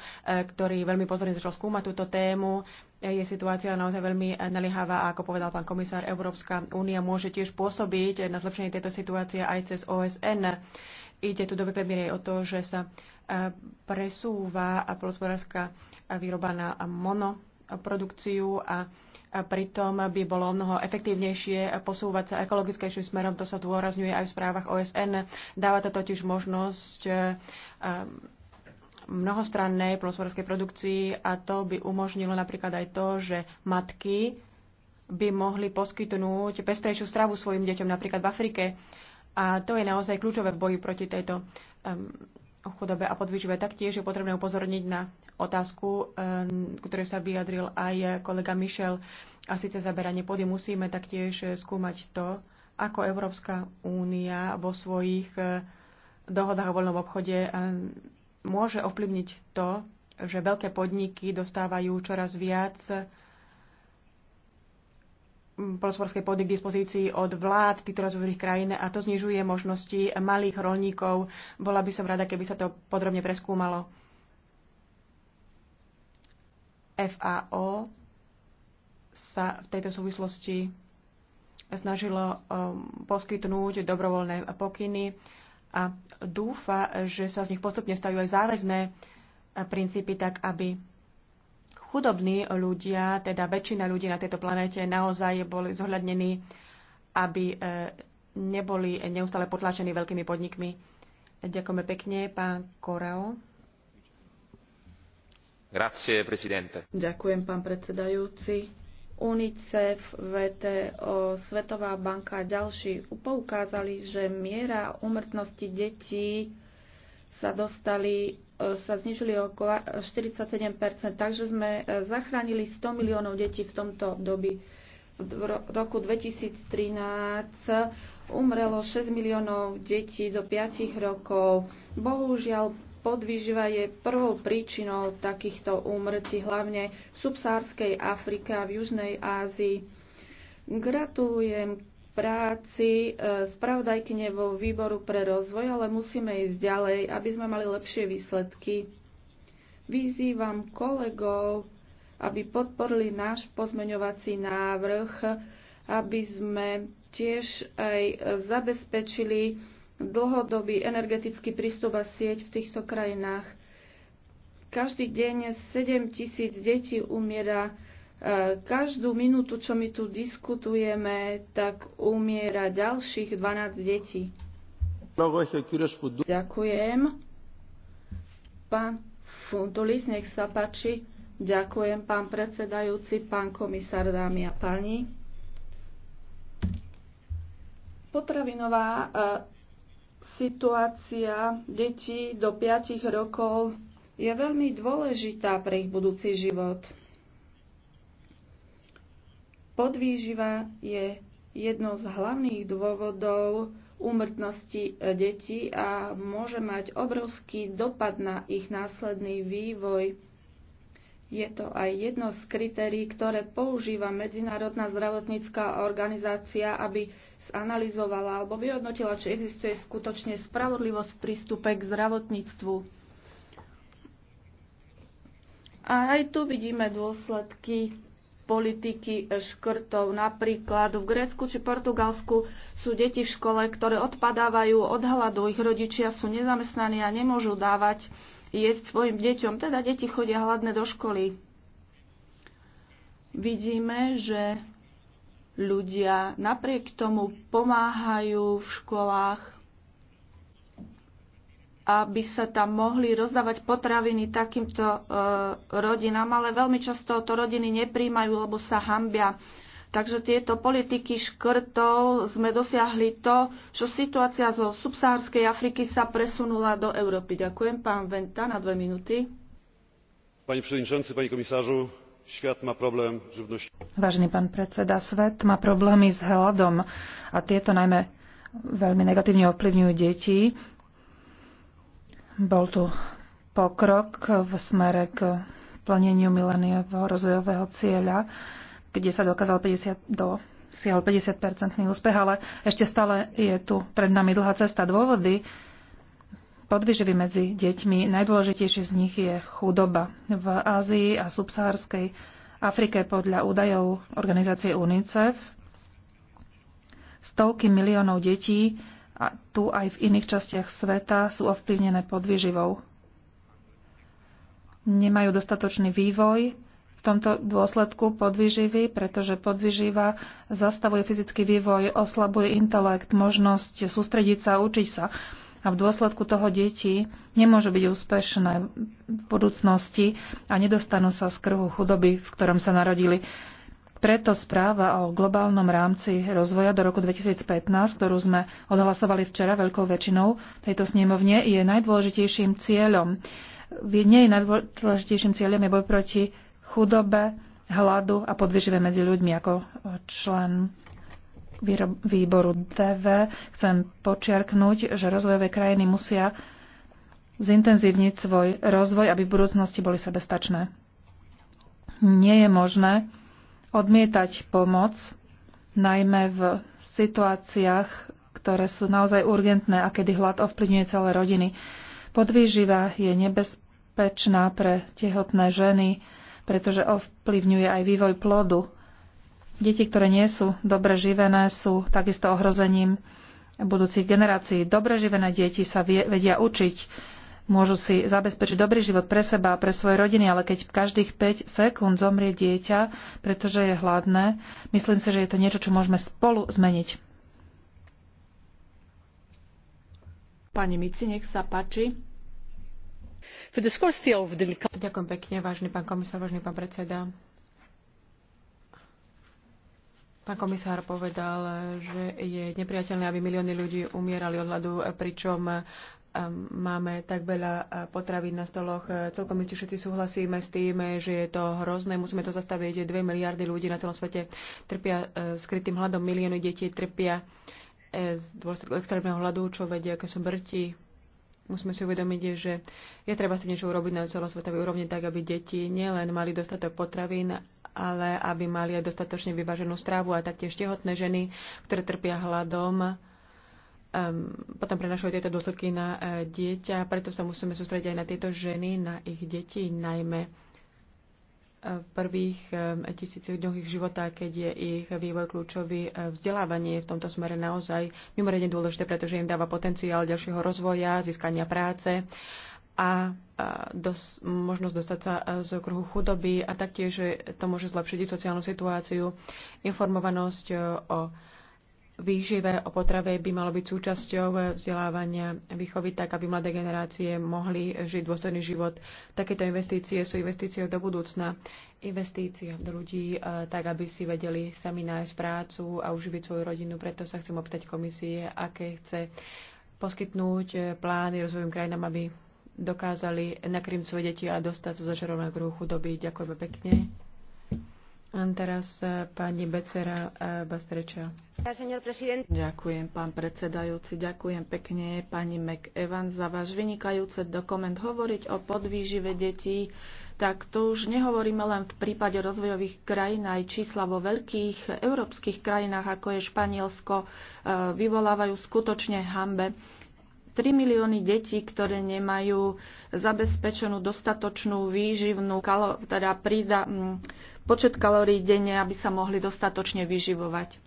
ktorý veľmi pozorne začal skúmať túto tému. Je situácia naozaj veľmi naliehavá a ako povedal pán komisár, Európska únia môže tiež pôsobiť na zlepšenie tejto situácie aj cez OSN. Ide tu do veľkej miery o to, že sa e, presúva polospodárska e, výroba na monoprodukciu a pritom by bolo mnoho efektívnejšie posúvať sa ekologickejším smerom. To sa dôrazňuje aj v správach OSN. Dáva to totiž možnosť e, mnohostrannej polospodárskej produkcii a to by umožnilo napríklad aj to, že matky by mohli poskytnúť pestrejšiu stravu svojim deťom napríklad v Afrike a to je naozaj kľúčové v boji proti tejto um, chudobe a podvýžive. Taktiež je potrebné upozorniť na otázku, um, ktoré sa vyjadril aj kolega Michel, a síce zaberanie pôdy. Musíme taktiež skúmať to, ako Európska únia vo svojich eh, dohodách o voľnom obchode môže ovplyvniť to, že veľké podniky dostávajú čoraz viac polosvorskej pôdy k dispozícii od vlád týchto rozvojových krajín a to znižuje možnosti malých rolníkov. Bola by som rada, keby sa to podrobne preskúmalo. FAO sa v tejto súvislosti snažilo um, poskytnúť dobrovoľné pokyny a dúfa, že sa z nich postupne stavujú aj záväzné princípy, tak aby chudobní ľudia, teda väčšina ľudí na tejto planéte, naozaj boli zohľadnení, aby e, neboli neustále potlačení veľkými podnikmi. Ďakujeme pekne, pán Korao. Grazie, presidente. Ďakujem, pán predsedajúci. UNICEF, VTO, Svetová banka a ďalší poukázali, že miera umrtnosti detí sa dostali sa znižili o 47 takže sme e, zachránili 100 miliónov detí v tomto období. V roku 2013 umrelo 6 miliónov detí do 5 rokov. Bohužiaľ, podvýživa je prvou príčinou takýchto úmrtí, hlavne v subsárskej Afrike a v Južnej Ázii. Gratulujem práci e, spravodajkyne vo výboru pre rozvoj, ale musíme ísť ďalej, aby sme mali lepšie výsledky. Vyzývam kolegov, aby podporili náš pozmeňovací návrh, aby sme tiež aj zabezpečili dlhodobý energetický prístup a sieť v týchto krajinách. Každý deň 7 tisíc detí umiera Každú minútu, čo my tu diskutujeme, tak umiera ďalších 12 detí. Ďakujem. Pán Funtulis, nech sa páči. Ďakujem, pán predsedajúci, pán komisár, dámy a páni. Potravinová e, situácia detí do 5 rokov je veľmi dôležitá pre ich budúci život. Podvýživa je jednou z hlavných dôvodov úmrtnosti detí a môže mať obrovský dopad na ich následný vývoj. Je to aj jedno z kritérií, ktoré používa Medzinárodná zdravotnícká organizácia, aby zanalizovala alebo vyhodnotila, či existuje skutočne spravodlivosť v prístupe k zdravotníctvu. A aj tu vidíme dôsledky politiky škrtov. Napríklad v Grécku či Portugalsku sú deti v škole, ktoré odpadávajú od hladu, ich rodičia sú nezamestnaní a nemôžu dávať jesť svojim deťom. Teda deti chodia hladné do školy. Vidíme, že ľudia napriek tomu pomáhajú v školách aby sa tam mohli rozdávať potraviny takýmto e, rodinám, ale veľmi často to rodiny nepríjmajú, lebo sa hambia. Takže tieto politiky škrtov sme dosiahli to, že situácia zo subsahárskej Afriky sa presunula do Európy. Ďakujem, pán Venta, na dve minúty. Pani predsedajúci, pani komisážu, Svet má problém živnosti. Vážený pán predseda, svet má problémy s hladom a tieto najmä veľmi negatívne ovplyvňujú deti bol tu pokrok v smere k plneniu mileniového rozvojového cieľa, kde sa dokázal 50 do siahol 50-percentný úspech, ale ešte stále je tu pred nami dlhá cesta. Dôvody podvyživy medzi deťmi, najdôležitejší z nich je chudoba. V Ázii a subsahárskej Afrike podľa údajov organizácie UNICEF stovky miliónov detí a tu aj v iných častiach sveta sú ovplyvnené podvyživou. Nemajú dostatočný vývoj, v tomto dôsledku podvyživy, pretože podvyživa zastavuje fyzický vývoj, oslabuje intelekt, možnosť sústrediť sa, a učiť sa. A v dôsledku toho deti nemôžu byť úspešné v budúcnosti a nedostanú sa z krhu chudoby, v ktorom sa narodili. Preto správa o globálnom rámci rozvoja do roku 2015, ktorú sme odhlasovali včera veľkou väčšinou tejto snemovne, je najdôležitejším cieľom. Nie je najdôležitejším cieľom je boj proti chudobe, hladu a podvyžive medzi ľuďmi ako člen výboru DV. Chcem počiarknúť, že rozvojové krajiny musia zintenzívniť svoj rozvoj, aby v budúcnosti boli sebestačné. Nie je možné, odmietať pomoc, najmä v situáciách, ktoré sú naozaj urgentné a kedy hlad ovplyvňuje celé rodiny. Podvýživa je nebezpečná pre tehotné ženy, pretože ovplyvňuje aj vývoj plodu. Deti, ktoré nie sú dobre živené, sú takisto ohrozením budúcich generácií. Dobre živené deti sa vedia učiť, Môžu si zabezpečiť dobrý život pre seba a pre svoje rodiny, ale keď každých 5 sekúnd zomrie dieťa, pretože je hladné, myslím si, že je to niečo, čo môžeme spolu zmeniť. Pani Mici, nech sa páči. Ďakujem pekne, vážny pán komisár, vážny pán predseda. Pán komisár povedal, že je nepriateľné, aby milióny ľudí umierali od hladu, pričom máme tak veľa potravín na stoloch. Celkom iste všetci súhlasíme s tým, že je to hrozné, musíme to zastaviť. 2 miliardy ľudí na celom svete trpia e, skrytým hladom, milióny detí trpia e, z dôsledku extrémneho hladu, čo vedia sú brti, Musíme si uvedomiť, že je treba si niečo urobiť na celosvetovej úrovni tak, aby deti nielen mali dostatok potravín, ale aby mali aj dostatočne vyváženú strávu a taktiež tehotné ženy, ktoré trpia hladom, Ehm, potom prenašajú tieto dôsledky na e, dieťa, preto sa musíme sústrediť aj na tieto ženy, na ich deti, najmä v e, prvých ehm, tisícich dňoch ich života, keď je ich vývoj kľúčový. E, vzdelávanie v tomto smere naozaj mimoriadne dôležité, pretože im dáva potenciál ďalšieho rozvoja, získania práce a dos, možnosť dostať sa z okruhu chudoby a taktiež to môže zlepšiť sociálnu situáciu, informovanosť o výžive, o potrave by malo byť súčasťou vzdelávania výchovy tak, aby mladé generácie mohli žiť dôstojný život. Takéto investície sú investíciou do budúcna, investícia do ľudí eh, tak, aby si vedeli sami nájsť prácu a uživiť svoju rodinu. Preto sa chcem opýtať komisie, aké chce poskytnúť eh, plány rozvojovým krajinám, aby dokázali nakrýť svoje deti a dostať sa zo začarovaného kruhu chudoby. Ďakujeme pekne. Teraz e, pani Becera e, Ďakujem, pán predsedajúci. Ďakujem pekne pani McEvan za váš vynikajúce dokument. Hovoriť o podvýžive detí, tak to už nehovoríme len v prípade rozvojových krajín, aj čísla vo veľkých európskych krajinách, ako je Španielsko, e, vyvolávajú skutočne hambe. 3 milióny detí, ktoré nemajú zabezpečenú dostatočnú výživnú, teda prída, počet kalórií denne, aby sa mohli dostatočne vyživovať.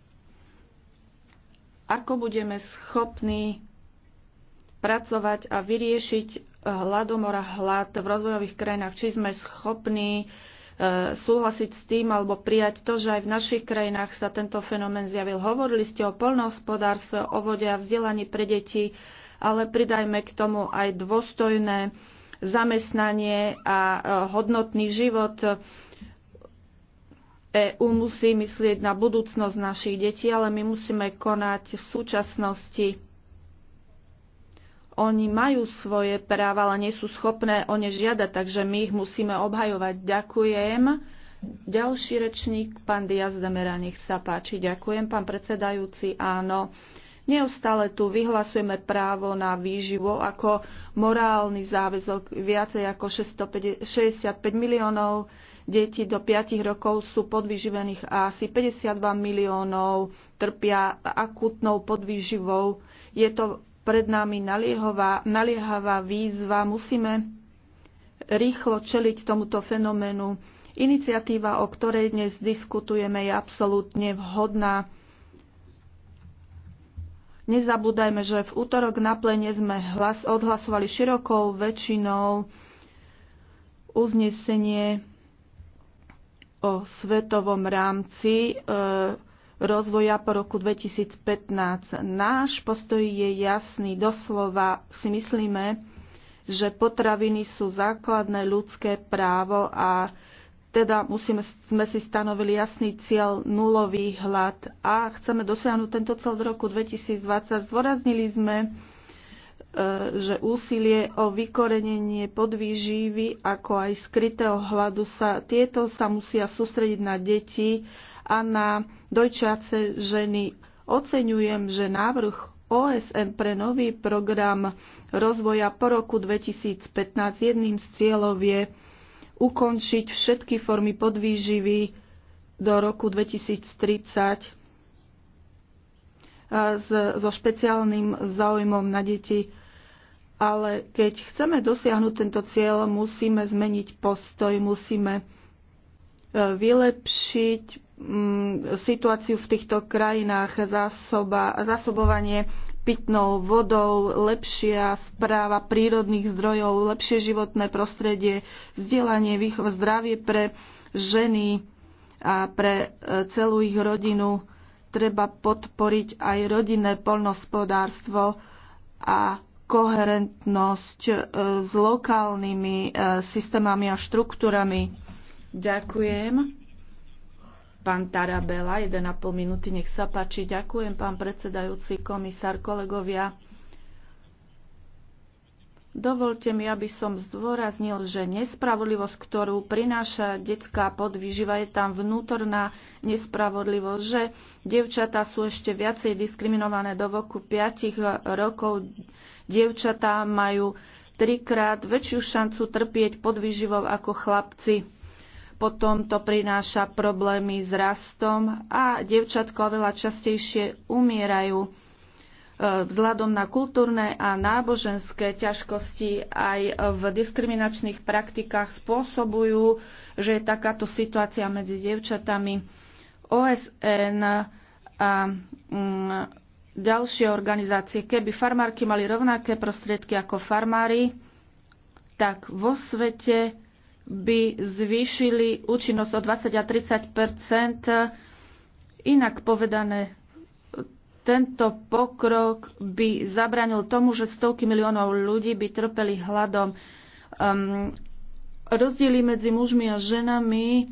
Ako budeme schopní pracovať a vyriešiť eh, hladomora hlad v rozvojových krajinách? Či sme schopní eh, súhlasiť s tým alebo prijať to, že aj v našich krajinách sa tento fenomén zjavil. Hovorili ste o poľnohospodárstve, o vode a vzdelaní pre deti, ale pridajme k tomu aj dôstojné zamestnanie a eh, hodnotný život. EÚ musí myslieť na budúcnosť našich detí, ale my musíme konať v súčasnosti. Oni majú svoje práva, ale nie sú schopné o ne žiadať, takže my ich musíme obhajovať. Ďakujem. Ďalší rečník, pán Diaz Demera, nech sa páči. Ďakujem, pán predsedajúci. Áno, neustále tu vyhlasujeme právo na výživu ako morálny záväzok viacej ako 65 miliónov Deti do 5 rokov sú podvyživených a asi 52 miliónov trpia akútnou podvyživou. Je to pred nami naliehová, naliehavá výzva. Musíme rýchlo čeliť tomuto fenoménu. Iniciatíva, o ktorej dnes diskutujeme, je absolútne vhodná. Nezabúdajme, že v útorok na plene sme hlas, odhlasovali širokou väčšinou uznesenie o svetovom rámci e, rozvoja po roku 2015. Náš postoj je jasný. Doslova si myslíme, že potraviny sú základné ľudské právo a teda musíme, sme si stanovili jasný cieľ nulový hlad a chceme dosiahnuť tento cel z roku 2020. Zdôraznili sme, E, že úsilie o vykorenenie podvýživy ako aj skrytého hladu sa tieto sa musia sústrediť na deti a na dojčiace ženy. Oceňujem, že návrh OSN pre nový program rozvoja po roku 2015 jedným z cieľov je ukončiť všetky formy podvýživy do roku 2030 e, so špeciálnym záujmom na deti ale keď chceme dosiahnuť tento cieľ, musíme zmeniť postoj, musíme e, vylepšiť mm, situáciu v týchto krajinách, zásoba, zásobovanie pitnou vodou, lepšia správa prírodných zdrojov, lepšie životné prostredie, vzdelanie, výchov, zdravie pre ženy a pre e, celú ich rodinu. Treba podporiť aj rodinné polnospodárstvo a koherentnosť e, s lokálnymi e, systémami a štruktúrami. Ďakujem. Pán Tarabela, 1,5 minúty, nech sa páči. Ďakujem, pán predsedajúci, komisár, kolegovia. Dovolte mi, aby som zdôraznil, že nespravodlivosť, ktorú prináša detská podvýživa, je tam vnútorná nespravodlivosť, že devčatá sú ešte viacej diskriminované do voku 5 rokov Dievčatá majú trikrát väčšiu šancu trpieť pod výživou ako chlapci. Potom to prináša problémy s rastom a dievčatko oveľa častejšie umierajú e, vzhľadom na kultúrne a náboženské ťažkosti aj v diskriminačných praktikách spôsobujú, že je takáto situácia medzi dievčatami. OSN a mm, ďalšie organizácie. Keby farmárky mali rovnaké prostriedky ako farmári, tak vo svete by zvýšili účinnosť o 20 a 30 Inak povedané, tento pokrok by zabranil tomu, že stovky miliónov ľudí by trpeli hladom. Um, rozdiely medzi mužmi a ženami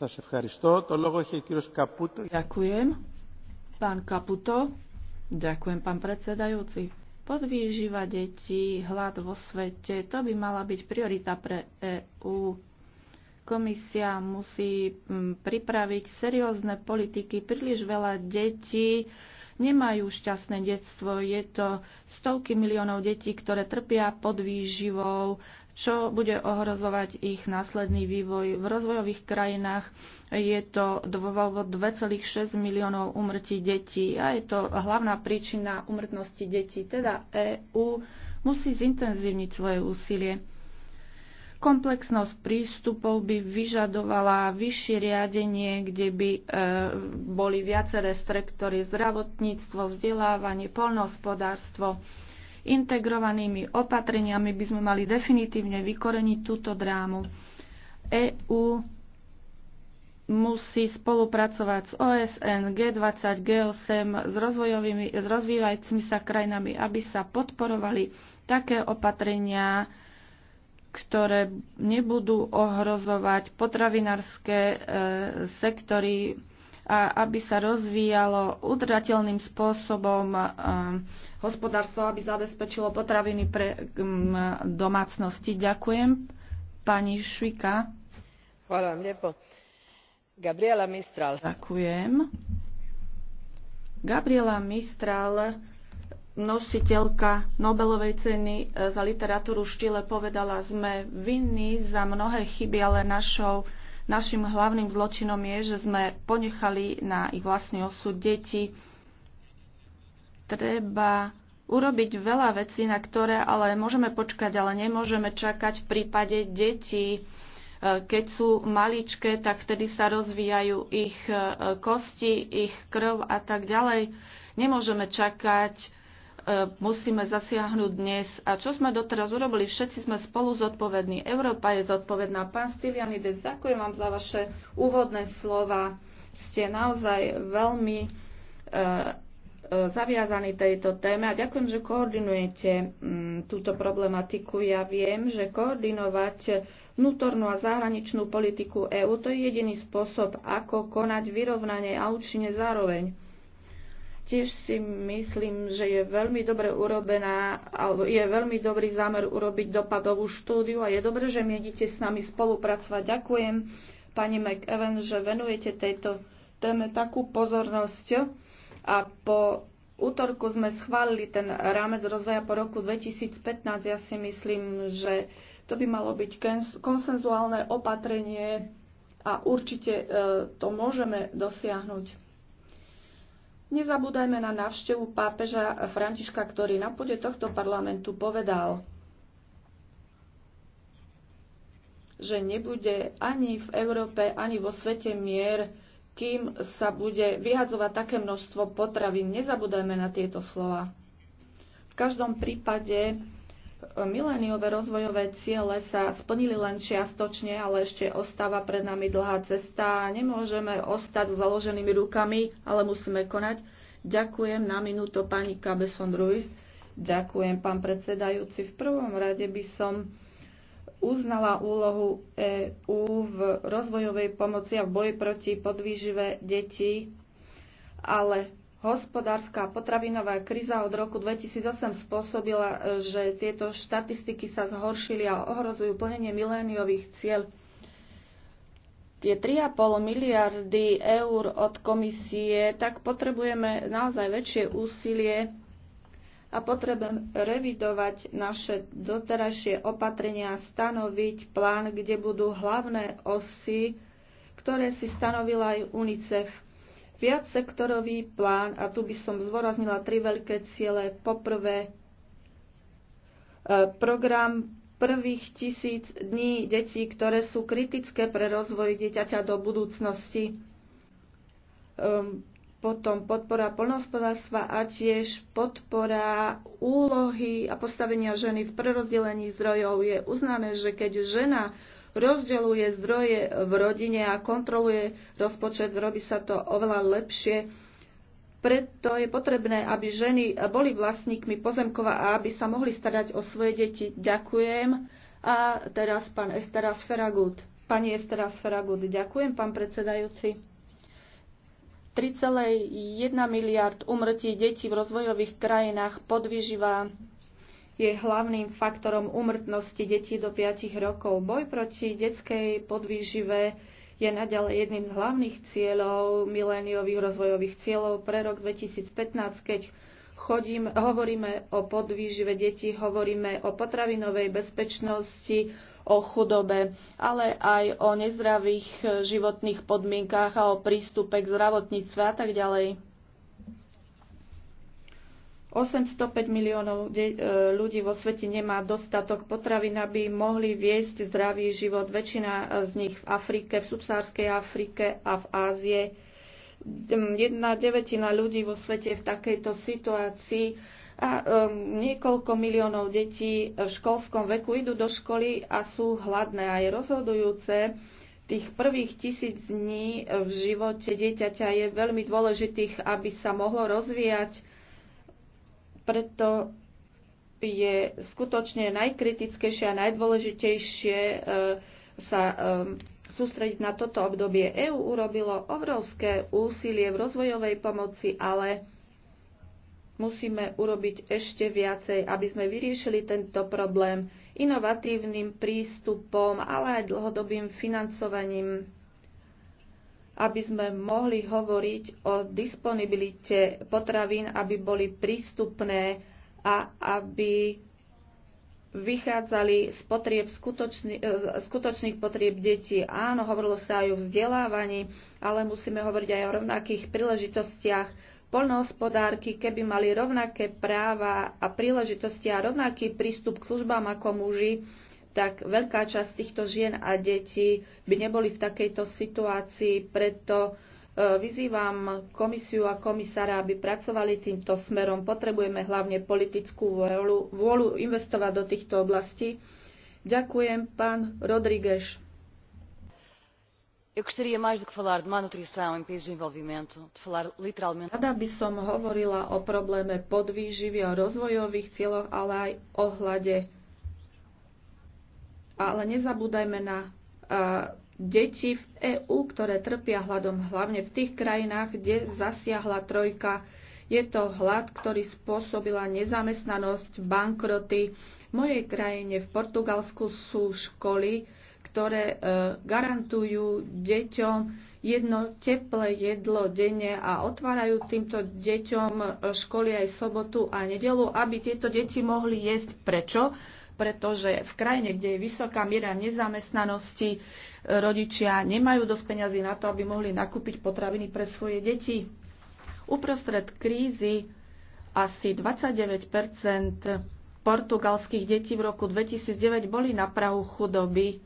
Ďakujem. Pán Kaputo. Ďakujem, pán predsedajúci. Podvýživa detí, hlad vo svete, to by mala byť priorita pre EÚ. Komisia musí mm, pripraviť seriózne politiky. Príliš veľa detí nemajú šťastné detstvo. Je to stovky miliónov detí, ktoré trpia pod výživou čo bude ohrozovať ich následný vývoj. V rozvojových krajinách je to dôvod 2,6 miliónov umrtí detí a je to hlavná príčina umrtnosti detí. Teda EÚ musí zintenzívniť svoje úsilie. Komplexnosť prístupov by vyžadovala vyššie riadenie, kde by e, boli viaceré strektory zdravotníctvo, vzdelávanie, polnohospodárstvo Integrovanými opatreniami by sme mali definitívne vykoreniť túto drámu. EÚ musí spolupracovať s OSN, G20, G8, s, rozvojovými, s rozvíjajúcimi sa krajinami, aby sa podporovali také opatrenia, ktoré nebudú ohrozovať potravinárske e, sektory a aby sa rozvíjalo udržateľným spôsobom um, hospodárstvo, aby zabezpečilo potraviny pre um, domácnosti. Ďakujem. Pani Švika. Hvala vám lepo. Gabriela Mistral. Ďakujem. Gabriela Mistral, nositeľka Nobelovej ceny za literatúru v povedala, sme vinní za mnohé chyby, ale našou Našim hlavným zločinom je, že sme ponechali na ich vlastný osud deti. Treba urobiť veľa vecí, na ktoré ale môžeme počkať, ale nemôžeme čakať v prípade detí. E, keď sú maličké, tak vtedy sa rozvíjajú ich e, kosti, ich krv a tak ďalej. Nemôžeme čakať E, musíme zasiahnuť dnes. A čo sme doteraz urobili? Všetci sme spolu zodpovední. Európa je zodpovedná. Pán Stylianides, ďakujem vám za vaše úvodné slova. Ste naozaj veľmi e, e, zaviazaní tejto téme a ďakujem, že koordinujete m, mm, túto problematiku. Ja viem, že koordinovať vnútornú a zahraničnú politiku EÚ to je jediný spôsob, ako konať vyrovnanie a účinne zároveň. Tiež si myslím, že je veľmi dobre urobená, alebo je veľmi dobrý zámer urobiť dopadovú štúdiu a je dobre, že miedite s nami spolupracovať. Ďakujem pani McEwen, že venujete tejto téme takú pozornosť a po útorku sme schválili ten rámec rozvoja po roku 2015. Ja si myslím, že to by malo byť konsenzuálne opatrenie a určite e, to môžeme dosiahnuť. Nezabúdajme na návštevu pápeža Františka, ktorý na pôde tohto parlamentu povedal, že nebude ani v Európe, ani vo svete mier, kým sa bude vyhadzovať také množstvo potravín. Nezabúdajme na tieto slova. V každom prípade miléniové rozvojové ciele sa splnili len čiastočne, ale ešte ostáva pred nami dlhá cesta. Nemôžeme ostať s založenými rukami, ale musíme konať. Ďakujem na minúto pani Kabeson Ruiz. Ďakujem, pán predsedajúci. V prvom rade by som uznala úlohu EÚ v rozvojovej pomoci a v boji proti podvýžive detí, ale Hospodárska a potravinová kríza od roku 2008 spôsobila, e, že tieto štatistiky sa zhoršili a ohrozujú plnenie miléniových cieľ. Tie 3,5 miliardy eur od komisie, tak potrebujeme naozaj väčšie úsilie a potrebujeme revidovať naše doterajšie opatrenia a stanoviť plán, kde budú hlavné osy, ktoré si stanovila aj UNICEF viacsektorový plán a tu by som zvoraznila tri veľké ciele. Poprvé, e, program prvých tisíc dní detí, ktoré sú kritické pre rozvoj dieťaťa do budúcnosti. Ehm, potom podpora poľnohospodárstva a tiež podpora úlohy a postavenia ženy v prerozdelení zdrojov. Je uznané, že keď žena rozdeľuje zdroje v rodine a kontroluje rozpočet, robí sa to oveľa lepšie. Preto je potrebné, aby ženy boli vlastníkmi pozemkova a aby sa mohli starať o svoje deti. Ďakujem. A teraz pán Estera Sferagut. Pani Esteras Sferagut, ďakujem, pán predsedajúci. 3,1 miliard umrtí detí v rozvojových krajinách podvyživa je hlavným faktorom umrtnosti detí do 5 rokov. Boj proti detskej podvýžive je naďalej jedným z hlavných cieľov miléniových rozvojových cieľov pre rok 2015, keď chodím, hovoríme o podvýžive detí, hovoríme o potravinovej bezpečnosti, o chudobe, ale aj o nezdravých životných podmienkách a o prístupe k zdravotníctve a tak ďalej. 805 miliónov e, ľudí vo svete nemá dostatok potravín, aby mohli viesť zdravý život. Väčšina e, z nich v Afrike, v subsárskej Afrike a v Ázie. Jedna devetina ľudí vo svete je v takejto situácii a um, niekoľko miliónov detí v školskom veku idú do školy a sú hladné. A je rozhodujúce, tých prvých tisíc dní v živote dieťaťa je veľmi dôležitých, aby sa mohlo rozvíjať preto je skutočne najkritickejšie a najdôležitejšie e, sa e, sústrediť na toto obdobie. EÚ urobilo obrovské úsilie v rozvojovej pomoci, ale musíme urobiť ešte viacej, aby sme vyriešili tento problém inovatívnym prístupom, ale aj dlhodobým financovaním aby sme mohli hovoriť o disponibilite potravín, aby boli prístupné a aby vychádzali z potrieb skutočný, e, skutočných potrieb detí. Áno, hovorilo sa aj o vzdelávaní, ale musíme hovoriť aj o rovnakých príležitostiach. Poľnohospodárky, keby mali rovnaké práva a príležitosti a rovnaký prístup k službám ako muži, tak veľká časť týchto žien a detí by neboli v takejto situácii. Preto e, vyzývam komisiu a komisára, aby pracovali týmto smerom. Potrebujeme hlavne politickú vôľu, vôľu investovať do týchto oblastí. Ďakujem, pán Rodríguez. Rada by som hovorila o probléme podvýživy, o rozvojových cieľoch, ale aj o hlade ale nezabúdajme na e, deti v EÚ, ktoré trpia hladom, hlavne v tých krajinách, kde zasiahla trojka. Je to hlad, ktorý spôsobila nezamestnanosť, bankroty. V mojej krajine, v Portugalsku, sú školy, ktoré uh, garantujú deťom jedno teplé jedlo denne a otvárajú týmto deťom e, školy aj sobotu a nedelu, aby tieto deti mohli jesť. Prečo? pretože v krajine, kde je vysoká miera nezamestnanosti, e, rodičia nemajú dosť peňazí na to, aby mohli nakúpiť potraviny pre svoje deti. Uprostred krízy asi 29 portugalských detí v roku 2009 boli na prahu chudoby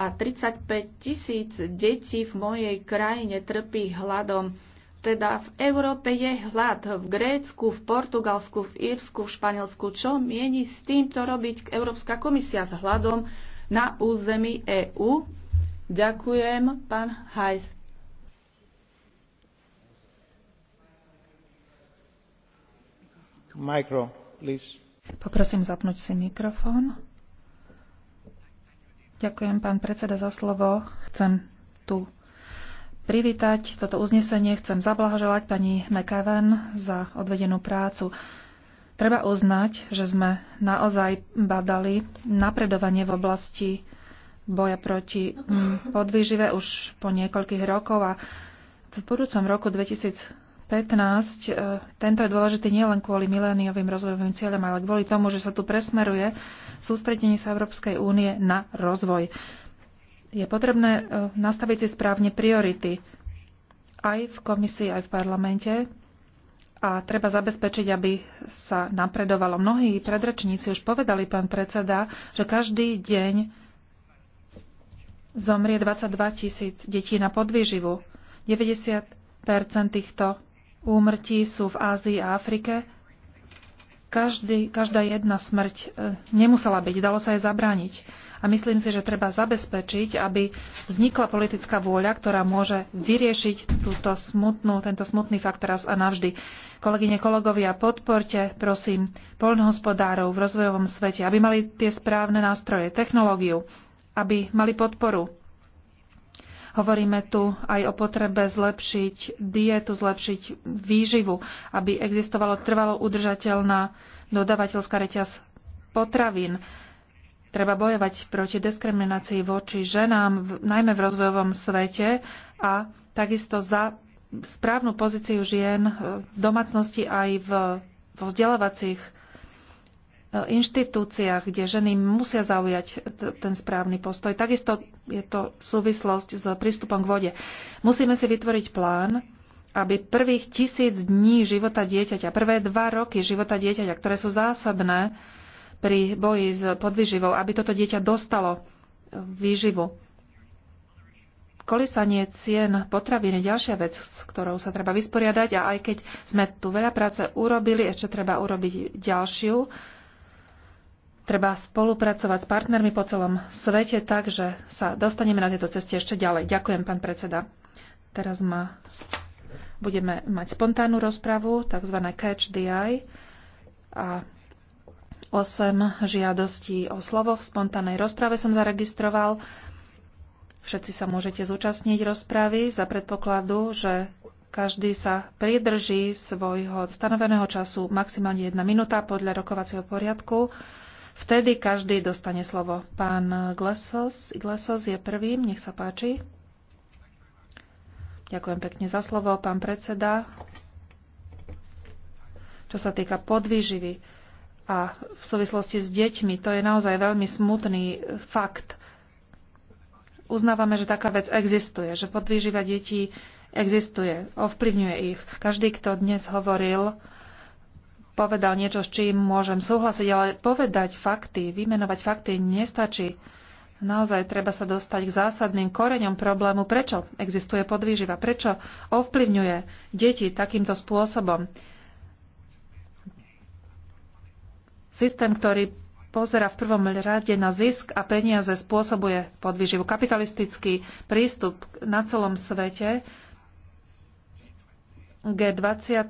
a 35 tisíc detí v mojej krajine trpí hladom. Teda v Európe je hlad, v Grécku, v Portugalsku, v Írsku, v Španielsku. Čo mieni s týmto robiť Európska komisia s hladom na území EÚ? Ďakujem, pán Hajs. Micro, please. Poprosím zapnúť si mikrofón. Ďakujem, pán predseda, za slovo. Chcem tu privítať toto uznesenie. Chcem zablahoželať pani McEwen za odvedenú prácu. Treba uznať, že sme naozaj badali napredovanie v oblasti boja proti mm, podvýžive už po niekoľkých rokov a v budúcom roku 2015 e, tento je dôležitý nielen kvôli miléniovým rozvojovým cieľom, ale kvôli tomu, že sa tu presmeruje sústredenie sa Európskej únie na rozvoj je potrebné e, nastaviť si správne priority aj v komisii, aj v parlamente a treba zabezpečiť, aby sa napredovalo. Mnohí predrečníci už povedali, pán predseda, že každý deň zomrie 22 tisíc detí na podvýživu. 90 týchto úmrtí sú v Ázii a Afrike. Každý, každá jedna smrť e, nemusela byť, dalo sa jej zabrániť. A myslím si, že treba zabezpečiť, aby vznikla politická vôľa, ktorá môže vyriešiť túto smutnú, tento smutný fakt raz a navždy. Kolegyne, kolegovia, podporte, prosím, poľnohospodárov v rozvojovom svete, aby mali tie správne nástroje, technológiu, aby mali podporu. Hovoríme tu aj o potrebe zlepšiť dietu, zlepšiť výživu, aby existovalo trvalo udržateľná dodavateľská reťaz potravín. Treba bojovať proti diskriminácii voči ženám, najmä v rozvojovom svete a takisto za správnu pozíciu žien e, v domácnosti aj v, vo vzdelávacích e, inštitúciách, kde ženy musia zaujať ten správny postoj. Takisto je to súvislosť s prístupom k vode. Musíme si vytvoriť plán, aby prvých tisíc dní života dieťaťa, prvé dva roky života dieťaťa, ktoré sú zásadné, pri boji s podvyživou, aby toto dieťa dostalo výživu. Kolisanie cien potravín je ďalšia vec, s ktorou sa treba vysporiadať a aj keď sme tu veľa práce urobili, ešte treba urobiť ďalšiu. Treba spolupracovať s partnermi po celom svete, takže sa dostaneme na tejto ceste ešte ďalej. Ďakujem, pán predseda. Teraz ma... budeme mať spontánnu rozpravu, tzv. catch the eye. A žiadostí o slovo. V spontánnej rozprave som zaregistroval. Všetci sa môžete zúčastniť rozpravy za predpokladu, že každý sa pridrží svojho stanoveného času maximálne jedna minúta podľa rokovacieho poriadku. Vtedy každý dostane slovo. Pán Glesos, Glesos je prvým, nech sa páči. Ďakujem pekne za slovo, pán predseda. Čo sa týka podvýživy, a v súvislosti s deťmi. To je naozaj veľmi smutný fakt. Uznávame, že taká vec existuje, že podvýživa detí existuje, ovplyvňuje ich. Každý, kto dnes hovoril, povedal niečo, s čím môžem súhlasiť, ale povedať fakty, vymenovať fakty nestačí. Naozaj treba sa dostať k zásadným koreňom problému, prečo existuje podvýživa, prečo ovplyvňuje deti takýmto spôsobom. Systém, ktorý pozera v prvom rade na zisk a peniaze, spôsobuje podvýživu. Kapitalistický prístup na celom svete G20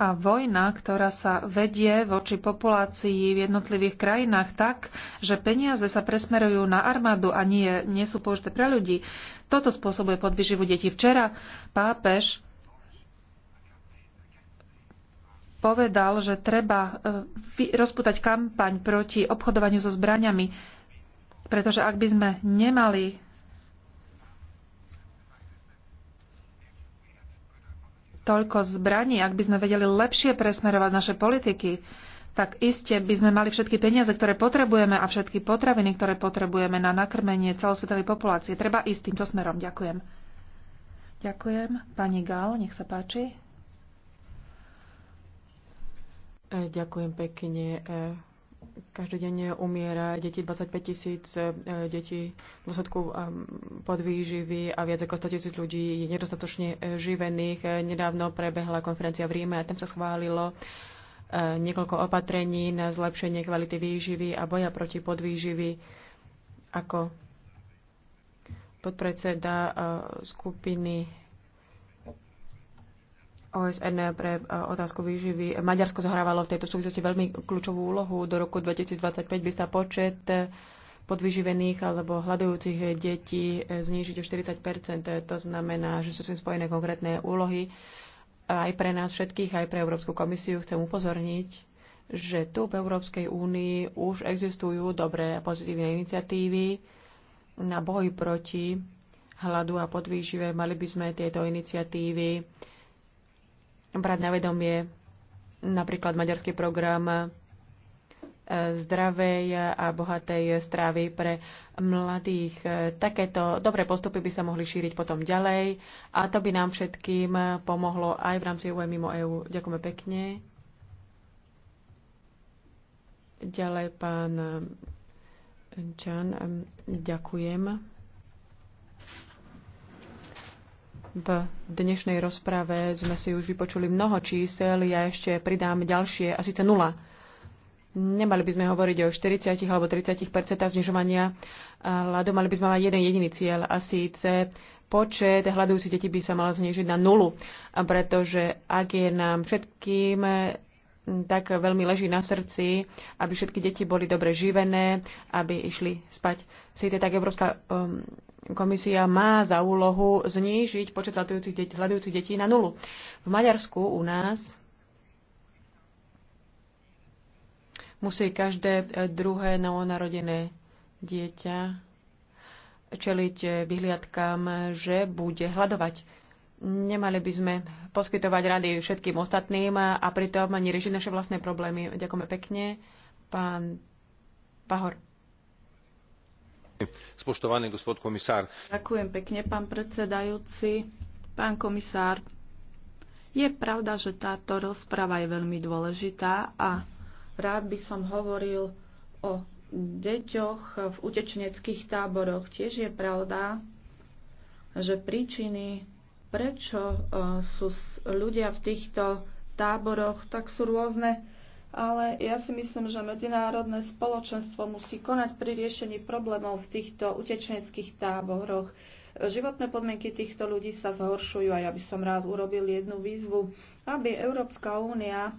a vojna, ktorá sa vedie voči populácii v jednotlivých krajinách tak, že peniaze sa presmerujú na armádu a nie, nie sú použité pre ľudí. Toto spôsobuje podvyživu detí. Včera pápež povedal, že treba e, rozputať kampaň proti obchodovaniu so zbraniami, pretože ak by sme nemali toľko zbraní, ak by sme vedeli lepšie presmerovať naše politiky, tak iste by sme mali všetky peniaze, ktoré potrebujeme a všetky potraviny, ktoré potrebujeme na nakrmenie celosvetovej populácie. Treba ísť týmto smerom. Ďakujem. Ďakujem. Pani Gál, nech sa páči. E, ďakujem pekne. E, Každodenne umiera deti 25 tisíc e, detí v dôsledku podvýživy a viac ako 100 tisíc ľudí je nedostatočne živených. Nedávno prebehla konferencia v Ríme a tam sa schválilo niekoľko opatrení na zlepšenie kvality výživy a boja proti podvýživy ako podpredseda skupiny OSN pre e, otázku výživy. Maďarsko zohrávalo v tejto súvislosti veľmi kľúčovú úlohu. Do roku 2025 by sa počet e, podvyživených alebo hľadujúcich detí e, znížiť o 40 To znamená, že sú s tým spojené konkrétne úlohy aj pre nás všetkých, aj pre Európsku komisiu. Chcem upozorniť, že tu v Európskej únii už existujú dobré a pozitívne iniciatívy na boj proti hladu a podvýžive. Mali by sme tieto iniciatívy brať na vedomie napríklad maďarský program e, zdravej a bohatej strávy pre mladých. E, takéto dobré postupy by sa mohli šíriť potom ďalej a to by nám všetkým pomohlo aj v rámci EU e mimo EU. Ďakujeme pekne. Ďalej pán Čan, ďakujem. V dnešnej rozprave sme si už vypočuli mnoho čísel, ja ešte pridám ďalšie, a síce nula. Nemali by sme hovoriť o 40 alebo 30 znižovania hľadu, mali by sme mať jeden jediný cieľ a síce počet hľadujúcich detí by sa mal znižiť na nulu, pretože ak je nám všetkým tak veľmi leží na srdci, aby všetky deti boli dobre živené, aby išli spať. to tak Európska um, komisia má za úlohu znížiť počet hľadujúcich detí, hľadujúcich detí na nulu. V Maďarsku u nás musí každé e, druhé novonarodené dieťa čeliť e, vyhliadkám, že bude hľadovať. Nemali by sme poskytovať rady všetkým ostatným a pritom ani riešiť naše vlastné problémy. Ďakujeme pekne. Pán Pahor. Spoštovaný gospod komisár. Ďakujem pekne, pán predsedajúci. Pán komisár, je pravda, že táto rozprava je veľmi dôležitá a rád by som hovoril o deťoch v utečeneckých táboroch. Tiež je pravda, že príčiny, prečo eh, sú ľudia v týchto táboroch, tak sú rôzne ale ja si myslím, že medzinárodné spoločenstvo musí konať pri riešení problémov v týchto utečeneckých táboroch. Životné podmienky týchto ľudí sa zhoršujú a ja by som rád urobil jednu výzvu, aby Európska únia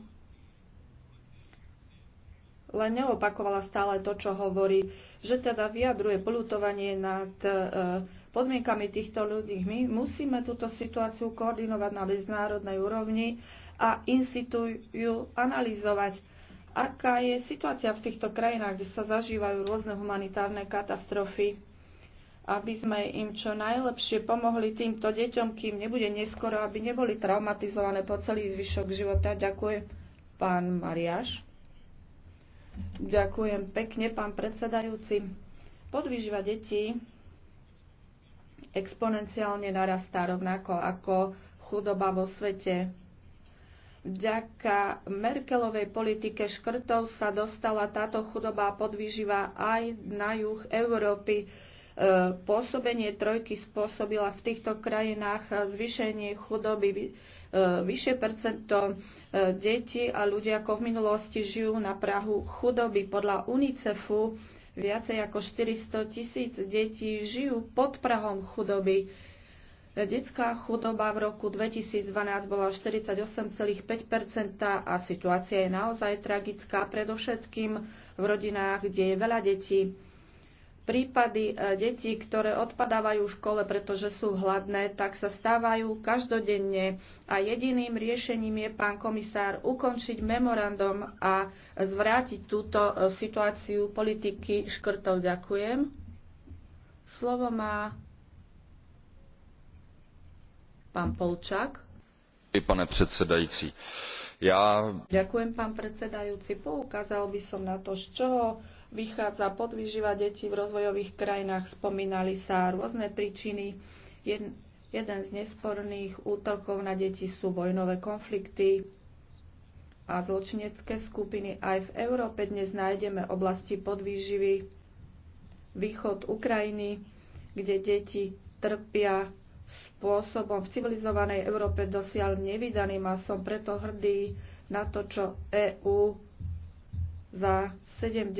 len neopakovala stále to, čo hovorí, že teda vyjadruje polutovanie nad e, podmienkami týchto ľudí. My musíme túto situáciu koordinovať na medzinárodnej úrovni a institujú analyzovať, aká je situácia v týchto krajinách, kde sa zažívajú rôzne humanitárne katastrofy, aby sme im čo najlepšie pomohli týmto deťom, kým nebude neskoro, aby neboli traumatizované po celý zvyšok života. Ďakujem, pán Mariáš. Ďakujem pekne, pán predsedajúci. Podvýživa detí exponenciálne narastá rovnako ako chudoba vo svete. Vďaka Merkelovej politike škrtov sa dostala táto chudoba a podvýživa aj na juh Európy. E, pôsobenie trojky spôsobila v týchto krajinách zvýšenie chudoby e, vyššie percento e, detí a ľudia ako v minulosti žijú na Prahu chudoby. Podľa UNICEFu viacej ako 400 tisíc detí žijú pod Prahom chudoby. Detská chudoba v roku 2012 bola 48,5 a situácia je naozaj tragická, predovšetkým v rodinách, kde je veľa detí. Prípady e, detí, ktoré odpadávajú v škole, pretože sú hladné, tak sa stávajú každodenne a jediným riešením je, pán komisár, ukončiť memorandum a zvrátiť túto e, situáciu politiky škrtov. Ďakujem. Slovo má Pán Polčák. Pane predsedajúci, ja... Ďakujem, pán predsedajúci. Poukázal by som na to, z čoho vychádza podvýživa detí v rozvojových krajinách. Spomínali sa rôzne príčiny. Jed, jeden z nesporných útokov na deti sú vojnové konflikty a zločinecké skupiny. Aj v Európe dnes nájdeme oblasti podvýživy východ Ukrajiny, kde deti trpia spôsobom v civilizovanej Európe dosiaľ nevydaným a som preto hrdý na to, čo EÚ za 70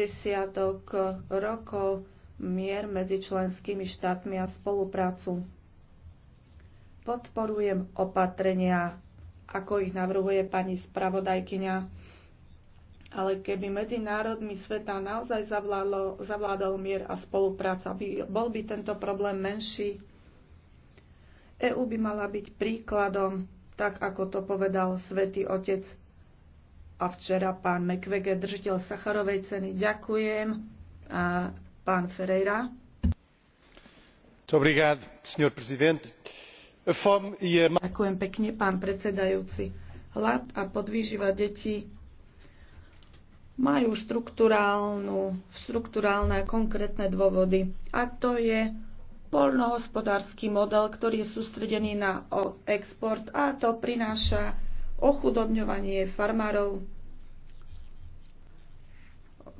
rokov mier medzi členskými štátmi a spoluprácu. Podporujem opatrenia, ako ich navrhuje pani spravodajkyňa. Ale keby medzi národmi sveta naozaj zavládol, zavládol mier a spolupráca, by, bol by tento problém menší. EÚ by mala byť príkladom, tak ako to povedal svätý Otec a včera pán Mekvege, držiteľ Sacharovej ceny. Ďakujem. A pán Ferreira. E Ďakujem pekne, pán predsedajúci. Hlad a podvýživa detí majú štruktúrálne a konkrétne dôvody. A to je polnohospodársky model, ktorý je sústredený na export a to prináša ochudobňovanie farmárov.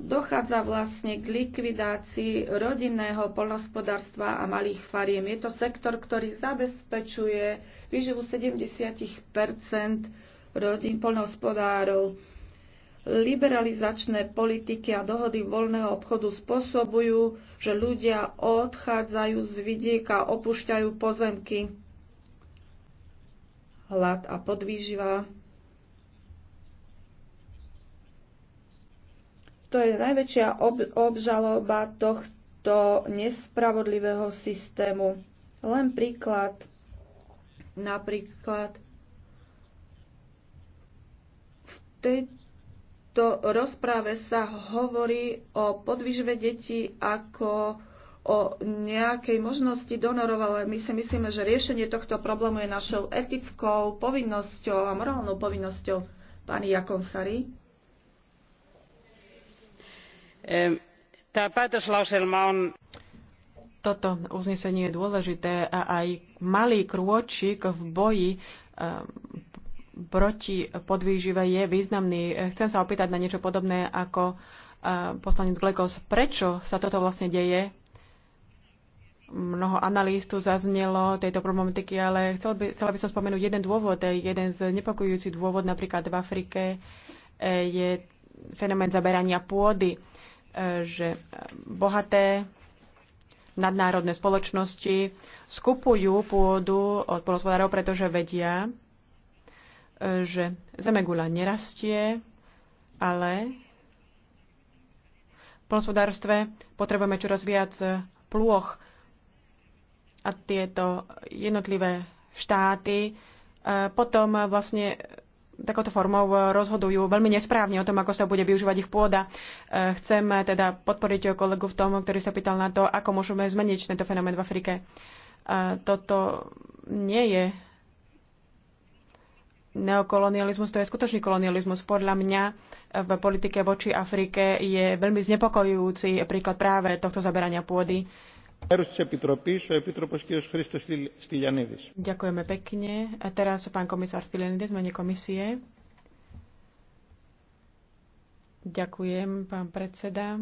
Dochádza vlastne k likvidácii rodinného polnohospodárstva a malých fariem. Je to sektor, ktorý zabezpečuje výživu 70 rodín polnohospodárov liberalizačné politiky a dohody voľného obchodu spôsobujú, že ľudia odchádzajú z vidieka, opúšťajú pozemky. Hlad a podvýživa. To je najväčšia ob- obžaloba tohto nespravodlivého systému. Len príklad. Napríklad v tejto tejto rozpráve sa hovorí o podvýžve detí ako o nejakej možnosti donorov, ale my si myslíme, že riešenie tohto problému je našou etickou povinnosťou a morálnou povinnosťou. Pani Jakonsari. Toto uznesenie je dôležité a aj malý krôčik v boji proti podvýžive je významný. Chcem sa opýtať na niečo podobné ako e, poslanec Glekos. Prečo sa toto vlastne deje? Mnoho analýz tu zaznelo tejto problematiky, ale chcel by, chcela by som spomenúť jeden dôvod. Jeden z nepokojujúcich dôvod napríklad v Afrike e, je fenomén zaberania pôdy, e, že bohaté nadnárodné spoločnosti skupujú pôdu od polospodárov, pretože vedia, že zemegula nerastie, ale v hospodárstve potrebujeme čoraz viac eh, plôch a tieto jednotlivé štáty eh, potom vlastne eh, takouto formou rozhodujú veľmi nesprávne o tom, ako sa bude využívať ich pôda. Chcem teda podporiť kolegu v tom, ktorý sa pýtal na to, ako môžeme zmeniť tento fenomén v Afrike. Toto nie je neokolonializmus, to je skutočný kolonializmus. Podľa mňa eh, v politike voči Afrike je veľmi znepokojujúci príklad práve tohto zaberania pôdy. Ďakujeme pekne. A teraz pán komisár Stylianides, mene komisie. Ďakujem, pán predseda.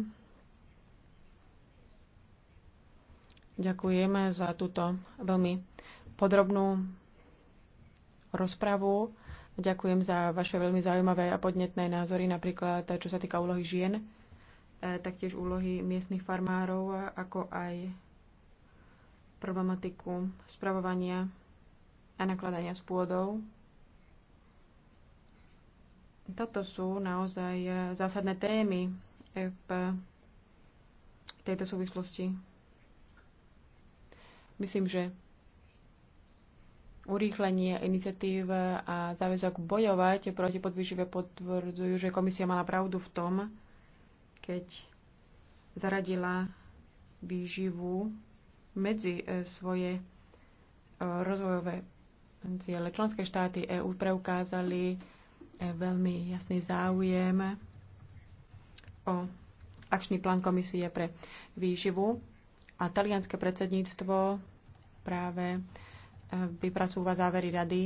Ďakujem za túto veľmi podrobnú rozpravu. Ďakujem za vaše veľmi zaujímavé a podnetné názory, napríklad čo sa týka úlohy žien, e, taktiež úlohy miestnych farmárov, ako aj problematiku spravovania a nakladania s pôdou. Toto sú naozaj zásadné témy e, v tejto súvislosti. Myslím, že urýchlenie iniciatív a záväzok bojovať proti podvýžive potvrdzujú, že komisia mala pravdu v tom, keď zaradila výživu medzi e, svoje e, rozvojové ciele. Členské štáty EÚ preukázali e, veľmi jasný záujem o akčný plán komisie pre výživu a talianské predsedníctvo práve vypracúva závery rady,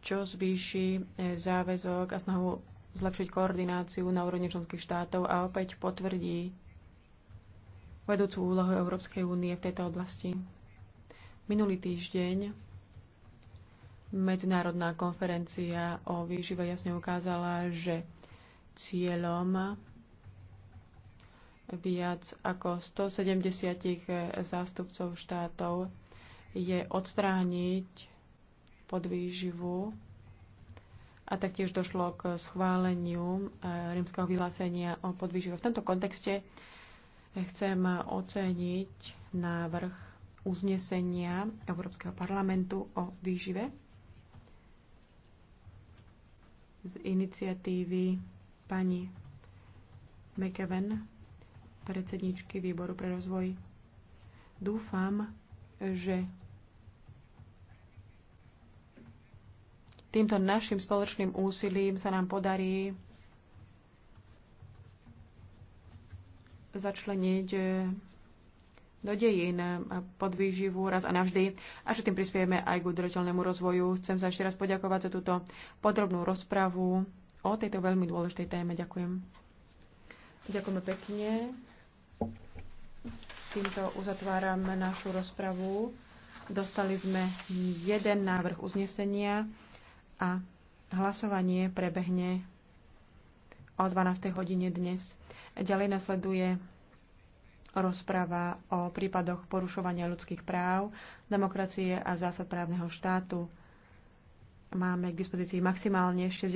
čo zvýši e, záväzok a snahu zlepšiť koordináciu na úrovni členských štátov a opäť potvrdí vedúcu úlohu Európskej únie v tejto oblasti. Minulý týždeň medzinárodná konferencia o výžive jasne ukázala, že cieľom viac ako 170 zástupcov štátov je odstrániť podvýživu a taktiež došlo k schváleniu eh, rímskeho vyhlásenia o podvýživu. V tomto kontexte chcem oceniť návrh uznesenia Európskeho parlamentu o výžive z iniciatívy pani McEwen predsedničky Výboru pre rozvoj. Dúfam, že týmto našim spoločným úsilím sa nám podarí začleniť eh, do dejín eh, podvýživu raz a navždy a že tým prispiejeme aj k udržateľnému rozvoju. Chcem sa ešte raz poďakovať za túto podrobnú rozpravu o tejto veľmi dôležitej téme. Ďakujem. Ďakujeme pekne. Týmto uzatváram našu rozpravu. Dostali sme jeden návrh uznesenia a hlasovanie prebehne o 12. hodine dnes. Ďalej nasleduje rozprava o prípadoch porušovania ľudských práv, demokracie a zásad právneho štátu. Máme k dispozícii maximálne 60